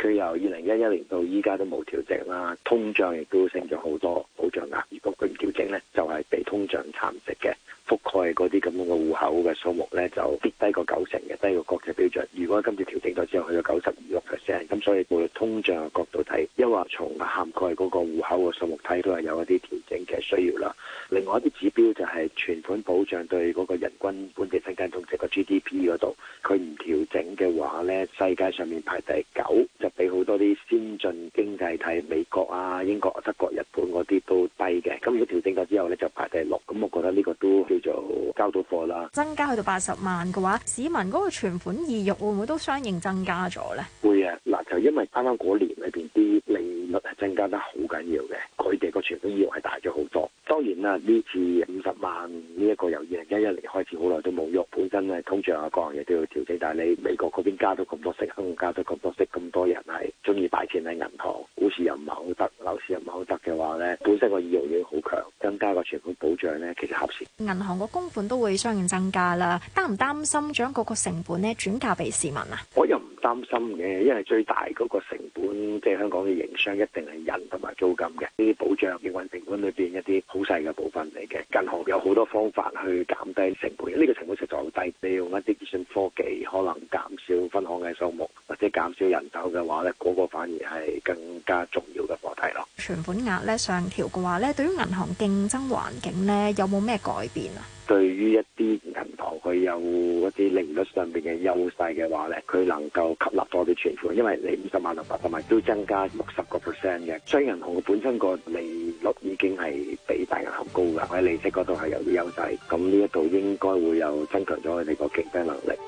佢由二零一一年到依家都冇調整啦，通脹亦都升咗好多保障額。如果佢唔調整咧，就係、是、被通脹蠶食嘅。覆蓋嗰啲咁樣嘅戶口嘅數目咧，就跌低過九成嘅，低過國際標準。如果今次調整咗之後去到九十二六 %，percent，咁所以從通脹角度睇，抑或從涵蓋嗰個戶口嘅數目睇，都係有一啲調整嘅需要啦。另外一啲指標就係、是、存款保障對嗰個人均本地生產總值個 GDP 嗰度，佢唔調整嘅話咧，世界上面排第九，就比好多啲先進經濟體美國啊、英國啊、德國、日本嗰啲都低嘅。今日調整咗之後咧，就排第六。咁我覺得呢個都。就交到貨啦。增加去到八十萬嘅話，市民嗰個存款意欲會唔會都相應增加咗咧？會啊，嗱，就因為啱啱嗰年裏邊啲利率係增加得好緊要嘅，佢哋個存款意欲係大咗好多。當然啦，呢次五十萬呢一個由二零一一年開始好耐都冇喐，本身係通脹啊，各樣嘢都要調整。但係你美國嗰邊加咗咁多息，香港加咗咁多息，咁多人係中意擺錢喺銀行，股市又唔係好得，樓市又唔係好得嘅話咧，本身個意欲已經好強，增加個存款保障咧，其實合算合時。銀行個供款都會相應增加啦，擔唔擔心將嗰個成本咧轉嫁俾市民啊？我又唔擔心嘅，因為最大嗰個成本即係、就是、香港嘅營商一定係人同埋租金嘅，呢啲保障營運成本裏邊一啲好細嘅部分嚟嘅，銀行有好多方法去減低成本。呢個成本實在好低，利用一啲資訊科技，可能減少分行嘅數目或者減少人手嘅話咧，嗰個反而係更加重要嘅課題咯。存款額咧上調嘅話咧，對於銀行競爭環境咧，有冇咩改變啊？對於一啲銀行，佢有一啲利率上面嘅優勢嘅話咧，佢能夠吸納多啲存款，因為你五十萬同八十萬都增加六十個 percent 嘅，所以銀行嘅本身個利率已經係比大銀行高㗎，喺利息嗰度係有啲優勢，咁呢一度應該會有增強咗佢哋個競爭能力。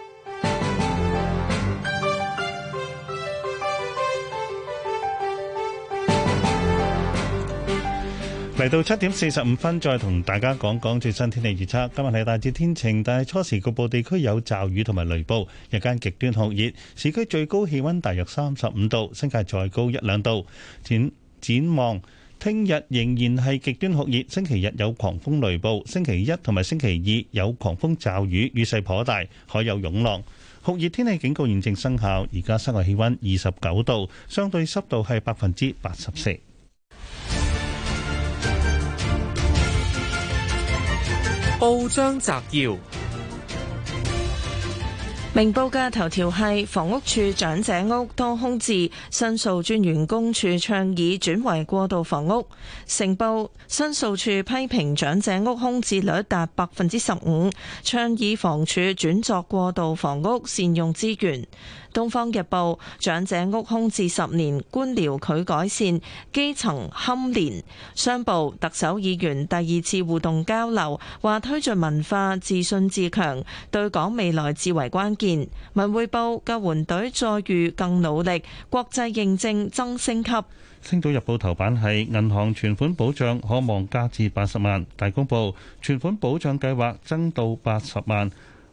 嚟到七點四十五分，再同大家講講最新天氣預測。今日係大致天晴，但係初時局部地區有驟雨同埋雷暴。日間極端酷熱，市區最高氣溫大約三十五度，新界再高一兩度。展展望，聽日仍然係極端酷熱。星期日有狂風雷暴，星期一同埋星期二有狂風驟雨，雨勢頗大，海有湧浪。酷熱天氣警告現正生效。而家室外氣溫二十九度，相對濕度係百分之八十四。報章摘要：明報嘅頭條係房屋處長者屋多空置，申訴專員公署倡議轉為過渡房屋。成報申訴處批評長者屋空置率達百分之十五，倡議房署轉作過渡房屋，善用資源。《東方日報》長者屋空置十年，官僚拒改善，基層堪憐。商報特首議員第二次互動交流，話推進文化自信自強，對港未來至為關鍵。文匯報救援隊再遇更努力，國際認證增升級。《星島日報》頭版係銀行存款保障可望加至八十萬。大公報存款保障計劃增到八十萬，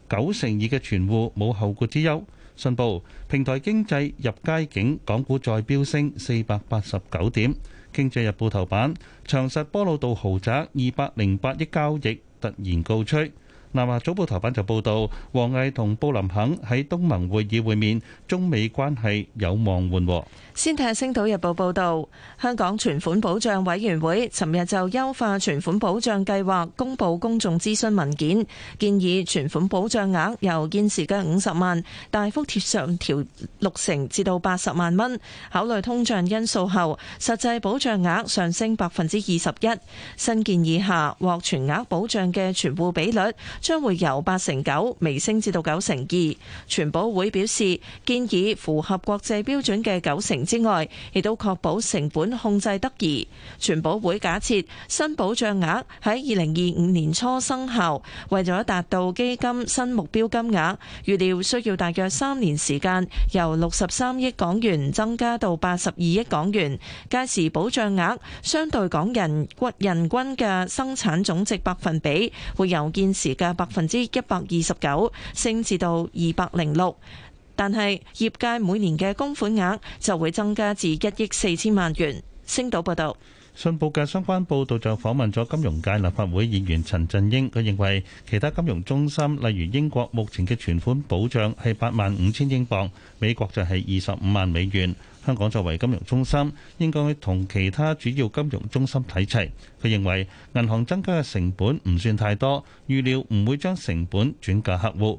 九成二嘅存戶冇後顧之憂。信報平台經濟入佳境，港股再飆升四百八十九點。經濟日報頭版，長實波老道豪宅二百零八億交易突然告吹。南華早報頭版就報道，王毅同布林肯喺東盟會議會面，中美關係有望緩和。先睇下《星島日報》報道，香港存款保障委員會尋日就優化存款保障計劃公布公眾諮詢文件，建議存款保障額由現時嘅五十萬大幅貼上調六成，至到八十萬蚊。考慮通脹因素後，實際保障額上升百分之二十一。新建議下獲全額保障嘅存戶比率將會由八成九微升至到九成二。存保會表示，建議符合國際標準嘅九成。之外，亦都確保成本控制得宜。全保會假設新保障額喺二零二五年初生效，為咗達到基金新目標金額，預料需要大約三年時間，由六十三億港元增加到八十二億港元。屆時保障額相對港人個人均嘅生產總值百分比，會由現時嘅百分之一百二十九升至到二百零六。但係業界每年嘅供款額，就會增加至一億四千萬元。星島報道，信報嘅相關報道就訪問咗金融界立法會議員陳振英，佢認為其他金融中心，例如英國目前嘅存款保障係八萬五千英鎊，美國就係二十五萬美元。香港作為金融中心，應該同其他主要金融中心睇齊，佢認為銀行增加嘅成本唔算太多，預料唔會將成本轉嫁客戶。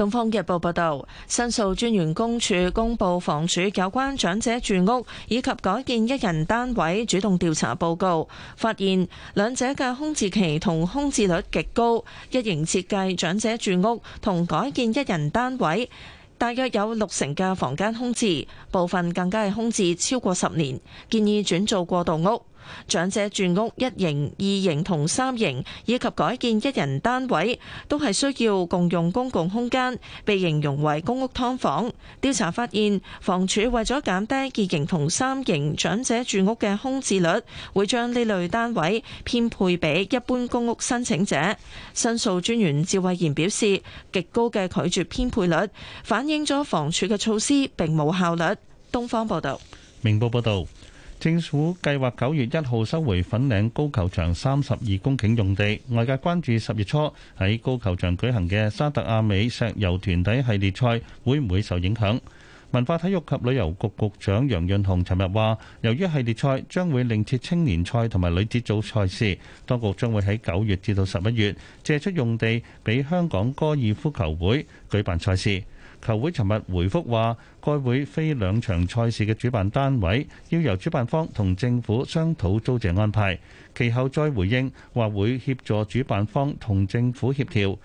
《東方日報》報道，申訴專員公署公佈房署有關長者住屋以及改建一人單位主動調查報告，發現兩者嘅空置期同空置率極高。一型設計長者住屋同改建一人單位，大約有六成嘅房間空置，部分更加係空置超過十年，建議轉做過渡屋。長者住屋一型、二型同三型，以及改建一人單位，都係需要共用公共空間，被形容為公屋劏房。調查發現，房署為咗減低二型同三型長者住屋嘅空置率，會將呢類單位編配俾一般公屋申請者。申訴專員趙慧賢表示，極高嘅拒絕編配率，反映咗房署嘅措施並冇效率。東方報道、明報報道。政府計劃九月一號收回粉嶺高球場三十二公頃用地，外界關注十月初喺高球場舉行嘅沙特亞美石油團體系列賽會唔會受影響。文化體育及旅遊局局長楊潤雄尋日話，由於系列賽將會另設青年賽同埋女子組賽事，當局將會喺九月至到十一月借出用地俾香港哥爾夫球會舉辦賽事。球會尋日回覆話：該會非兩場賽事嘅主辦單位，要由主辦方同政府商討租借安排。其後再回應話會協助主辦方同政府協調。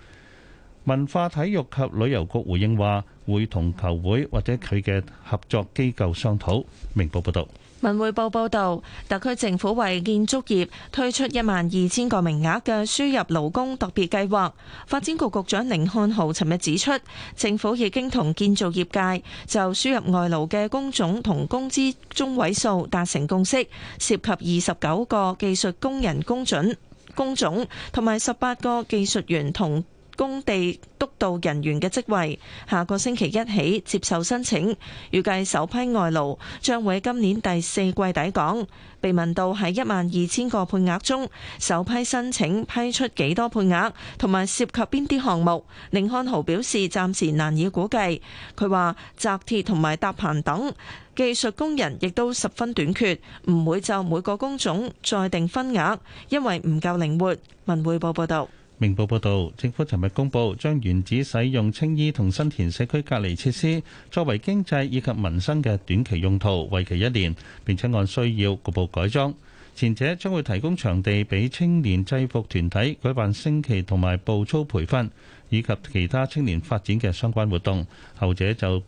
文化體育及旅遊局回應話會同球會或者佢嘅合作機構商討。明報報導。文匯報報道，特區政府為建築業推出一萬二千個名額嘅輸入勞工特別計劃。發展局局長甯漢豪尋日指出，政府已經同建造業界就輸入外勞嘅工種同工資中位數達成共識，涉及二十九個技術工人工準工種同埋十八個技術員同。工地督導人員嘅職位，下個星期一起接受申請，預計首批外勞將會喺今年第四季抵港。被問到喺一萬二千個配額中，首批申請批出幾多配額，同埋涉及邊啲項目，甯漢豪表示暫時難以估計。佢話：紮鐵同埋搭棚等技術工人亦都十分短缺，唔會就每個工種再定分額，因為唔夠靈活。文匯報報道。明報報導，政府尋日公布將原址使用青衣同新田社區隔離設施作為經濟以及民生嘅短期用途，為期一年，並且按需要局部改裝。前者將會提供場地俾青年制服團體舉辦升旗同埋步操培訓，以及其他青年發展嘅相關活動；後者就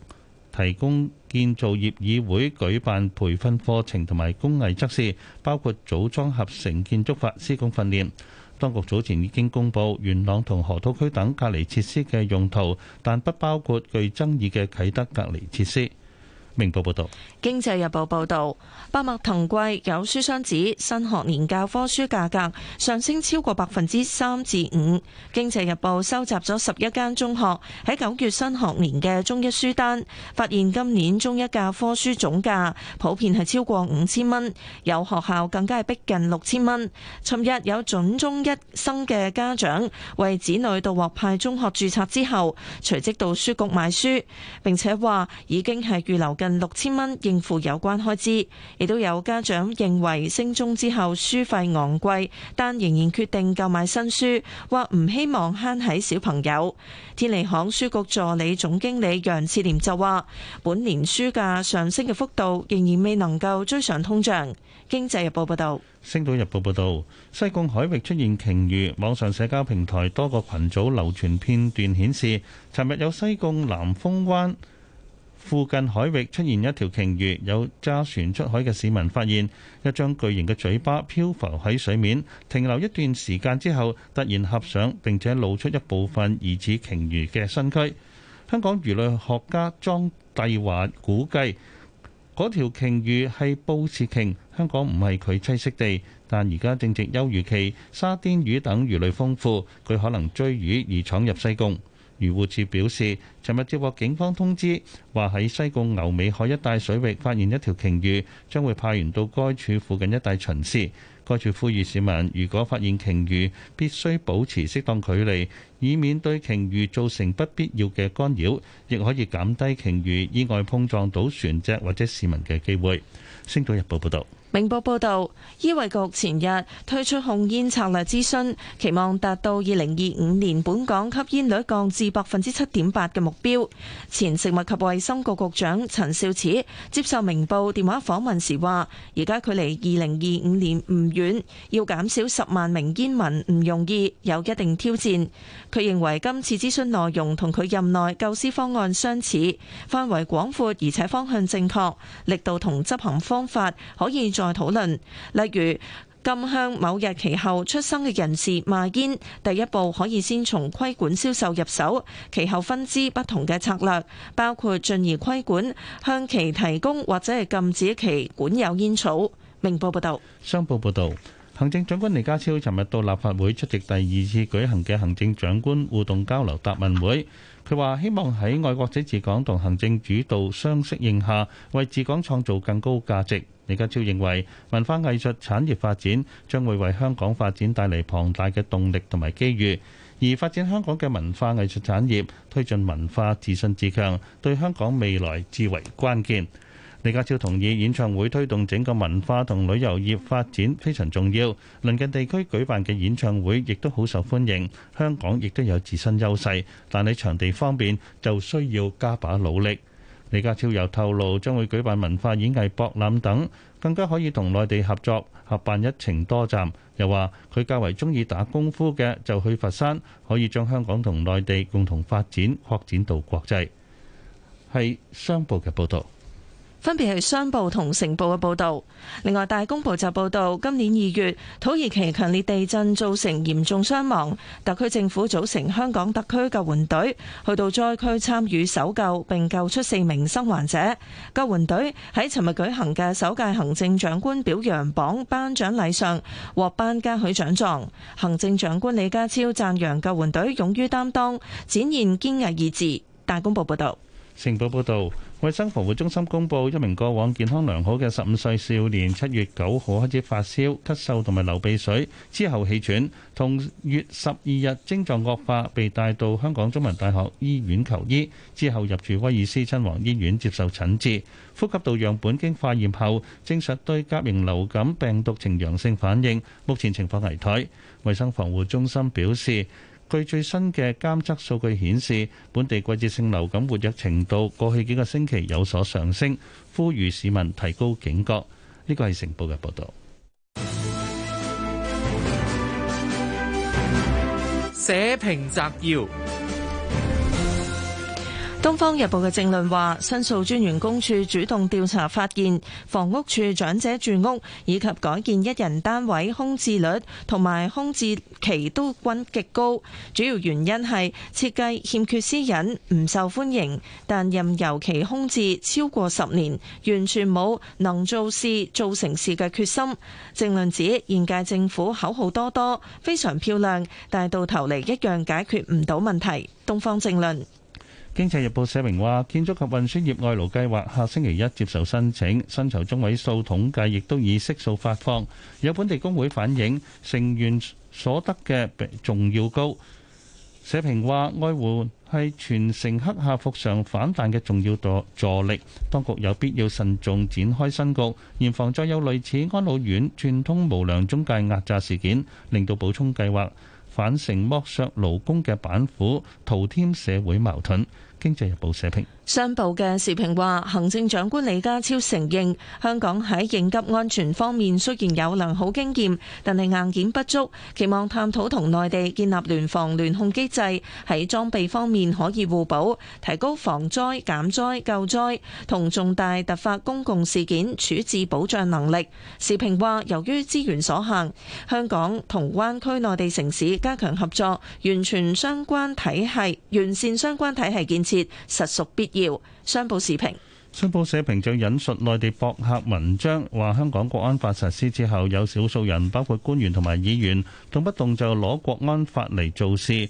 提供建造業議會舉辦培訓課程同埋工藝測試，包括組裝合成建築法施工訓練。當局早前已經公布元朗同河套區等隔離設施嘅用途，但不包括具爭議嘅啟德隔離設施。明報報導，《經濟日報》報道，百物騰貴有書商指新學年教科書價格上升超過百分之三至五。《經濟日報》收集咗十一間中學喺九月新學年嘅中一書單，發現今年中一教科書總價普遍係超過五千蚊，有學校更加係逼近六千蚊。尋日有準中一生嘅家長為子女到獲派中學注冊之後，隨即到書局買書，並且話已經係預留緊。六千蚊應付有關開支，亦都有家長認為升中之後書費昂貴，但仍然決定購買新書，話唔希望慳喺小朋友。天利行書局助理總經理楊志廉就話，本年書價上升嘅幅度仍然未能夠追上通脹。經濟日報報道，星島日報報道：「西貢海域出現鯨魚，網上社交平台多個群組流傳片段顯示，尋日有西貢南風灣附近海域出現一條鯨魚，有揸船出海嘅市民發現一張巨型嘅嘴巴漂浮喺水面，停留一段時間之後突然合上，並且露出一部分疑似鯨魚嘅身軀。香港魚類學家莊帝華估計，嗰條鯨魚係布氏鯨，香港唔係佢棲息地，但而家正值休漁期，沙甸魚等魚類豐富，佢可能追魚而闖入西貢。漁護署表示，尋日接獲警方通知，話喺西貢牛尾海一帶水域發現一條鯨魚，將會派員到該處附近一帶巡視。該處呼籲市民，如果發現鯨魚，必須保持適當距離，以免對鯨魚造成不必要嘅干擾，亦可以減低鯨魚意外碰撞到船隻或者市民嘅機會。星島日報報道。明報報道，醫衛局前日推出控煙策略諮詢，期望達到二零二五年本港吸煙率降至百分之七點八嘅目標。前食物及衛生局局長陳肇始接受明報電話訪問時話，而家距離二零二五年唔遠，要減少十萬名煙民唔容易，有一定挑戰。佢認為今次諮詢內容同佢任內構思方案相似，範圍廣闊而且方向正確，力度同執行方法可以再討論，例如禁向某日期後出生嘅人士賣煙。第一步可以先從規管銷售入手，其後分支不同嘅策略，包括進而規管向其提供或者係禁止其管有煙草。明報報道。商報報道，行政長官李家超尋日到立法會出席第二次舉行嘅行政長官互動交流答問會。佢話：希望喺愛國者治港同行政主導相適應下，為治港創造更高價值。李家超認為，文化藝術產業發展將會為香港發展帶嚟龐大嘅動力同埋機遇，而發展香港嘅文化藝術產業，推進文化自信自強，對香港未來至為關鍵。李家超同意，演唱會推動整個文化同旅遊業發展非常重要。鄰近地區舉辦嘅演唱會亦都好受歡迎，香港亦都有自身優勢，但喺場地方面就需要加把努力。李家超又透露，將會舉辦文化演藝博覽等，更加可以同內地合作合辦一程多站。又話佢較為中意打功夫嘅就去佛山，可以將香港同內地共同發展擴展到國際。係商報嘅報道。分別係商報同成報嘅報導。另外，大公報就報導，今年二月土耳其強烈地震造成嚴重傷亡，特區政府組成香港特區救援隊去到災區參與搜救，並救出四名生還者。救援隊喺尋日舉行嘅首屆行政長官表揚榜，榜頒，頒獎禮上獲頒嘉許獎狀。行政長官李家超讚揚救援隊勇於擔當，展現堅毅意志。大公報報導，成報報導。衛生防護中心公布，一名過往健康良好嘅十五歲少年，七月九號開始發燒、咳嗽同埋流鼻水，之後氣喘，同月十二日症狀惡化，被帶到香港中文大學醫院求醫，之後入住威爾斯親王醫院接受診治。呼吸道樣本經化驗後，證實對甲型流感病毒呈陽性反應，目前情況危殆。衛生防護中心表示。據最新嘅監測數據顯示，本地季節性流感活躍程度過去幾個星期有所上升，呼籲市民提高警覺。呢個係成報嘅報道。社評摘要。東方日報嘅政論話，申訴專員公署主動調查發現，房屋處長者住屋以及改建一人單位空置率同埋空置期都均極高，主要原因係設計欠缺私隱，唔受歡迎。但任由其空置超過十年，完全冇能做事，做成事嘅決心。政論指現屆政府口號多多，非常漂亮，但到頭嚟一樣解決唔到問題。東方政論。經濟日報社評話，建築及運輸業外勞計劃下星期一接受申請，薪酬中位數統計亦都以悉數發放。有本地工會反映，成員所得嘅重要高。社評話，外援係全城黑客服上反彈嘅重要助助力，當局有必要慎重展開新局，嚴防再有類似安老院串通無良中介壓榨事件，令到補充計劃反成剝削勞工嘅板斧，徒添社會矛盾。經濟日報社評。商報嘅時評話，行政長官李家超承認香港喺應急安全方面雖然有良好經驗，但係硬件不足，期望探討同內地建立聯防聯控機制，喺裝備方面可以互補，提高防災減災救災同重大突發公共事件處置保障能力。時評話，由於資源所限，香港同灣區內地城市加強合作，完全相關體系，完善相關體系建設，實屬必要。要信報社評，信報社評就引述內地博客文章，話香港國安法實施之後，有少數人包括官員同埋議員動不動就攞國安法嚟做事，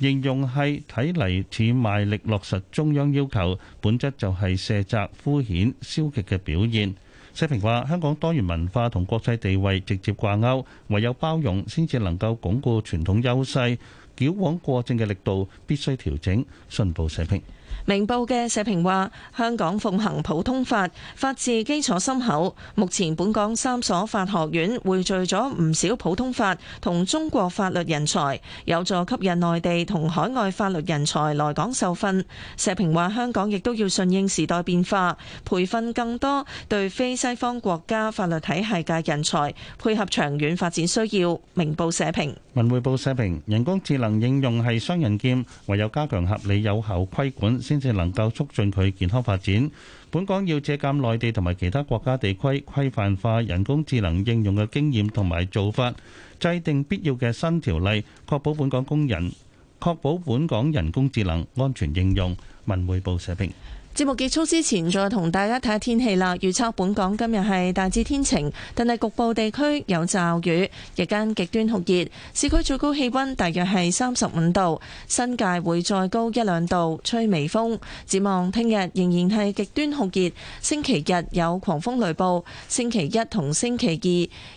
形容係睇嚟似賣力落實中央要求，本質就係卸責、敷衍、消極嘅表現。社評話香港多元文化同國際地位直接掛鈎，唯有包容先至能夠鞏固傳統優勢，矯枉過正嘅力度必須調整。信報社評。明報嘅社評話：香港奉行普通法，法治基礎深厚。目前本港三所法學院匯聚咗唔少普通法同中國法律人才，有助吸引內地同海外法律人才來港受訓。社評話：香港亦都要順應時代變化，培訓更多對非西方國家法律體系嘅人才，配合長遠發展需要。明報社評。文匯報社評，人工智能應用係雙刃劍，唯有加強合理有效規管先。即係能夠促進佢健康發展。本港要借鑑內地同埋其他國家地區規範化人工智能應用嘅經驗同埋做法，制定必要嘅新條例，確保本港工人，確保本港人工智能安全應用。文匯報社評。節目結束之前，再同大家睇下天氣啦。預測本港今日係大致天晴，但係局部地區有驟雨。日間極端酷熱，市區最高氣溫大約係三十五度，新界會再高一兩度，吹微風。展望聽日仍然係極端酷熱，星期日有狂風雷暴，星期一同星期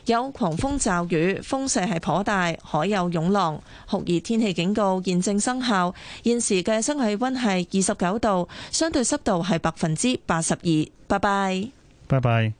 二有狂風驟雨，風勢係頗大，海有湧浪。酷熱天氣警告現正生效。現時嘅身氣溫係二十九度，相對濕度。度，係百分之八十二。拜拜，拜拜。